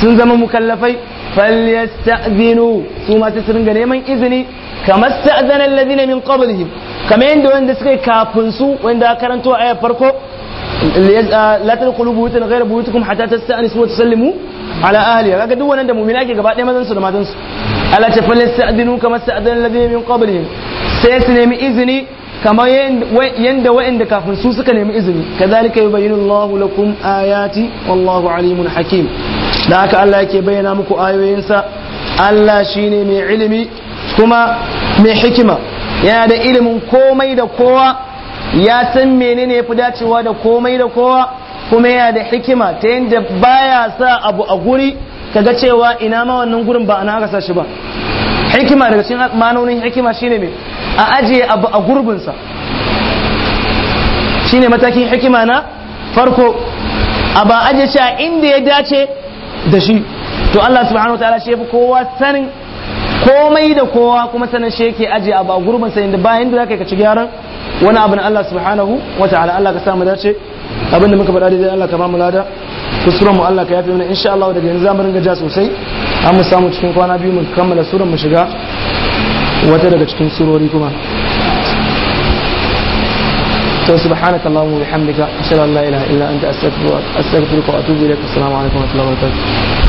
sun zama mukallafai falyasta'zinu su ma su ringa neman izini kama sta'zana alladhina min qablihim kamar yadda wanda suka kafin su wanda karanto a farko la tadkhulu buyutan ghayra buyutikum hatta tasta'nisu wa tusallimu ala ahliha kaga duk wannan da mu'mina ke gaba ɗaya mazan su da matan su Allah ta falyasta'zinu kama sta'zana alladhina min qablihim sai su nemi izini kamar yanda waɗanda kafin su suka nemi izini kazalika bayyana Allahu lakum ayati wallahu alimun hakim da aka Allah yake bayyana muku ayoyinsa Allah shine mai ilimi kuma mai hikima yana da ilimin komai da kowa ya san menene yafi dacewa da komai da kowa kuma yana da hikima ta yadda baya sa abu a guri kaga cewa ina ma wannan gurin ba ana aka sa shi ba hikima daga cikin manonin hikima shine me a ajiye abu a gurbinsa shine matakin hikima na farko a ba ajiye shi a inda ya dace da shi to Allah subhanahu wataala shi yafi kowa sanin komai da kowa kuma sanin shi yake ajiye abu a gurbinsa inda bayan da zaka ci gyaran wani abu na Allah subhanahu wataala Allah ka sa mu dace abinda muka faɗa da Allah ka ba mu lada kuskuren mu Allah ka yafe mana insha Allah daga yanzu zamu ringa ja sosai an mu samu cikin kwana biyu mu kammala surar mu shiga wata daga cikin surori kuma to subhanaka allahumma bihamdika ashhadu an la ilaha illa anta astaghfiruka wa atubu ilaik assalamu alaikum wa rahmatullahi wa barakatuh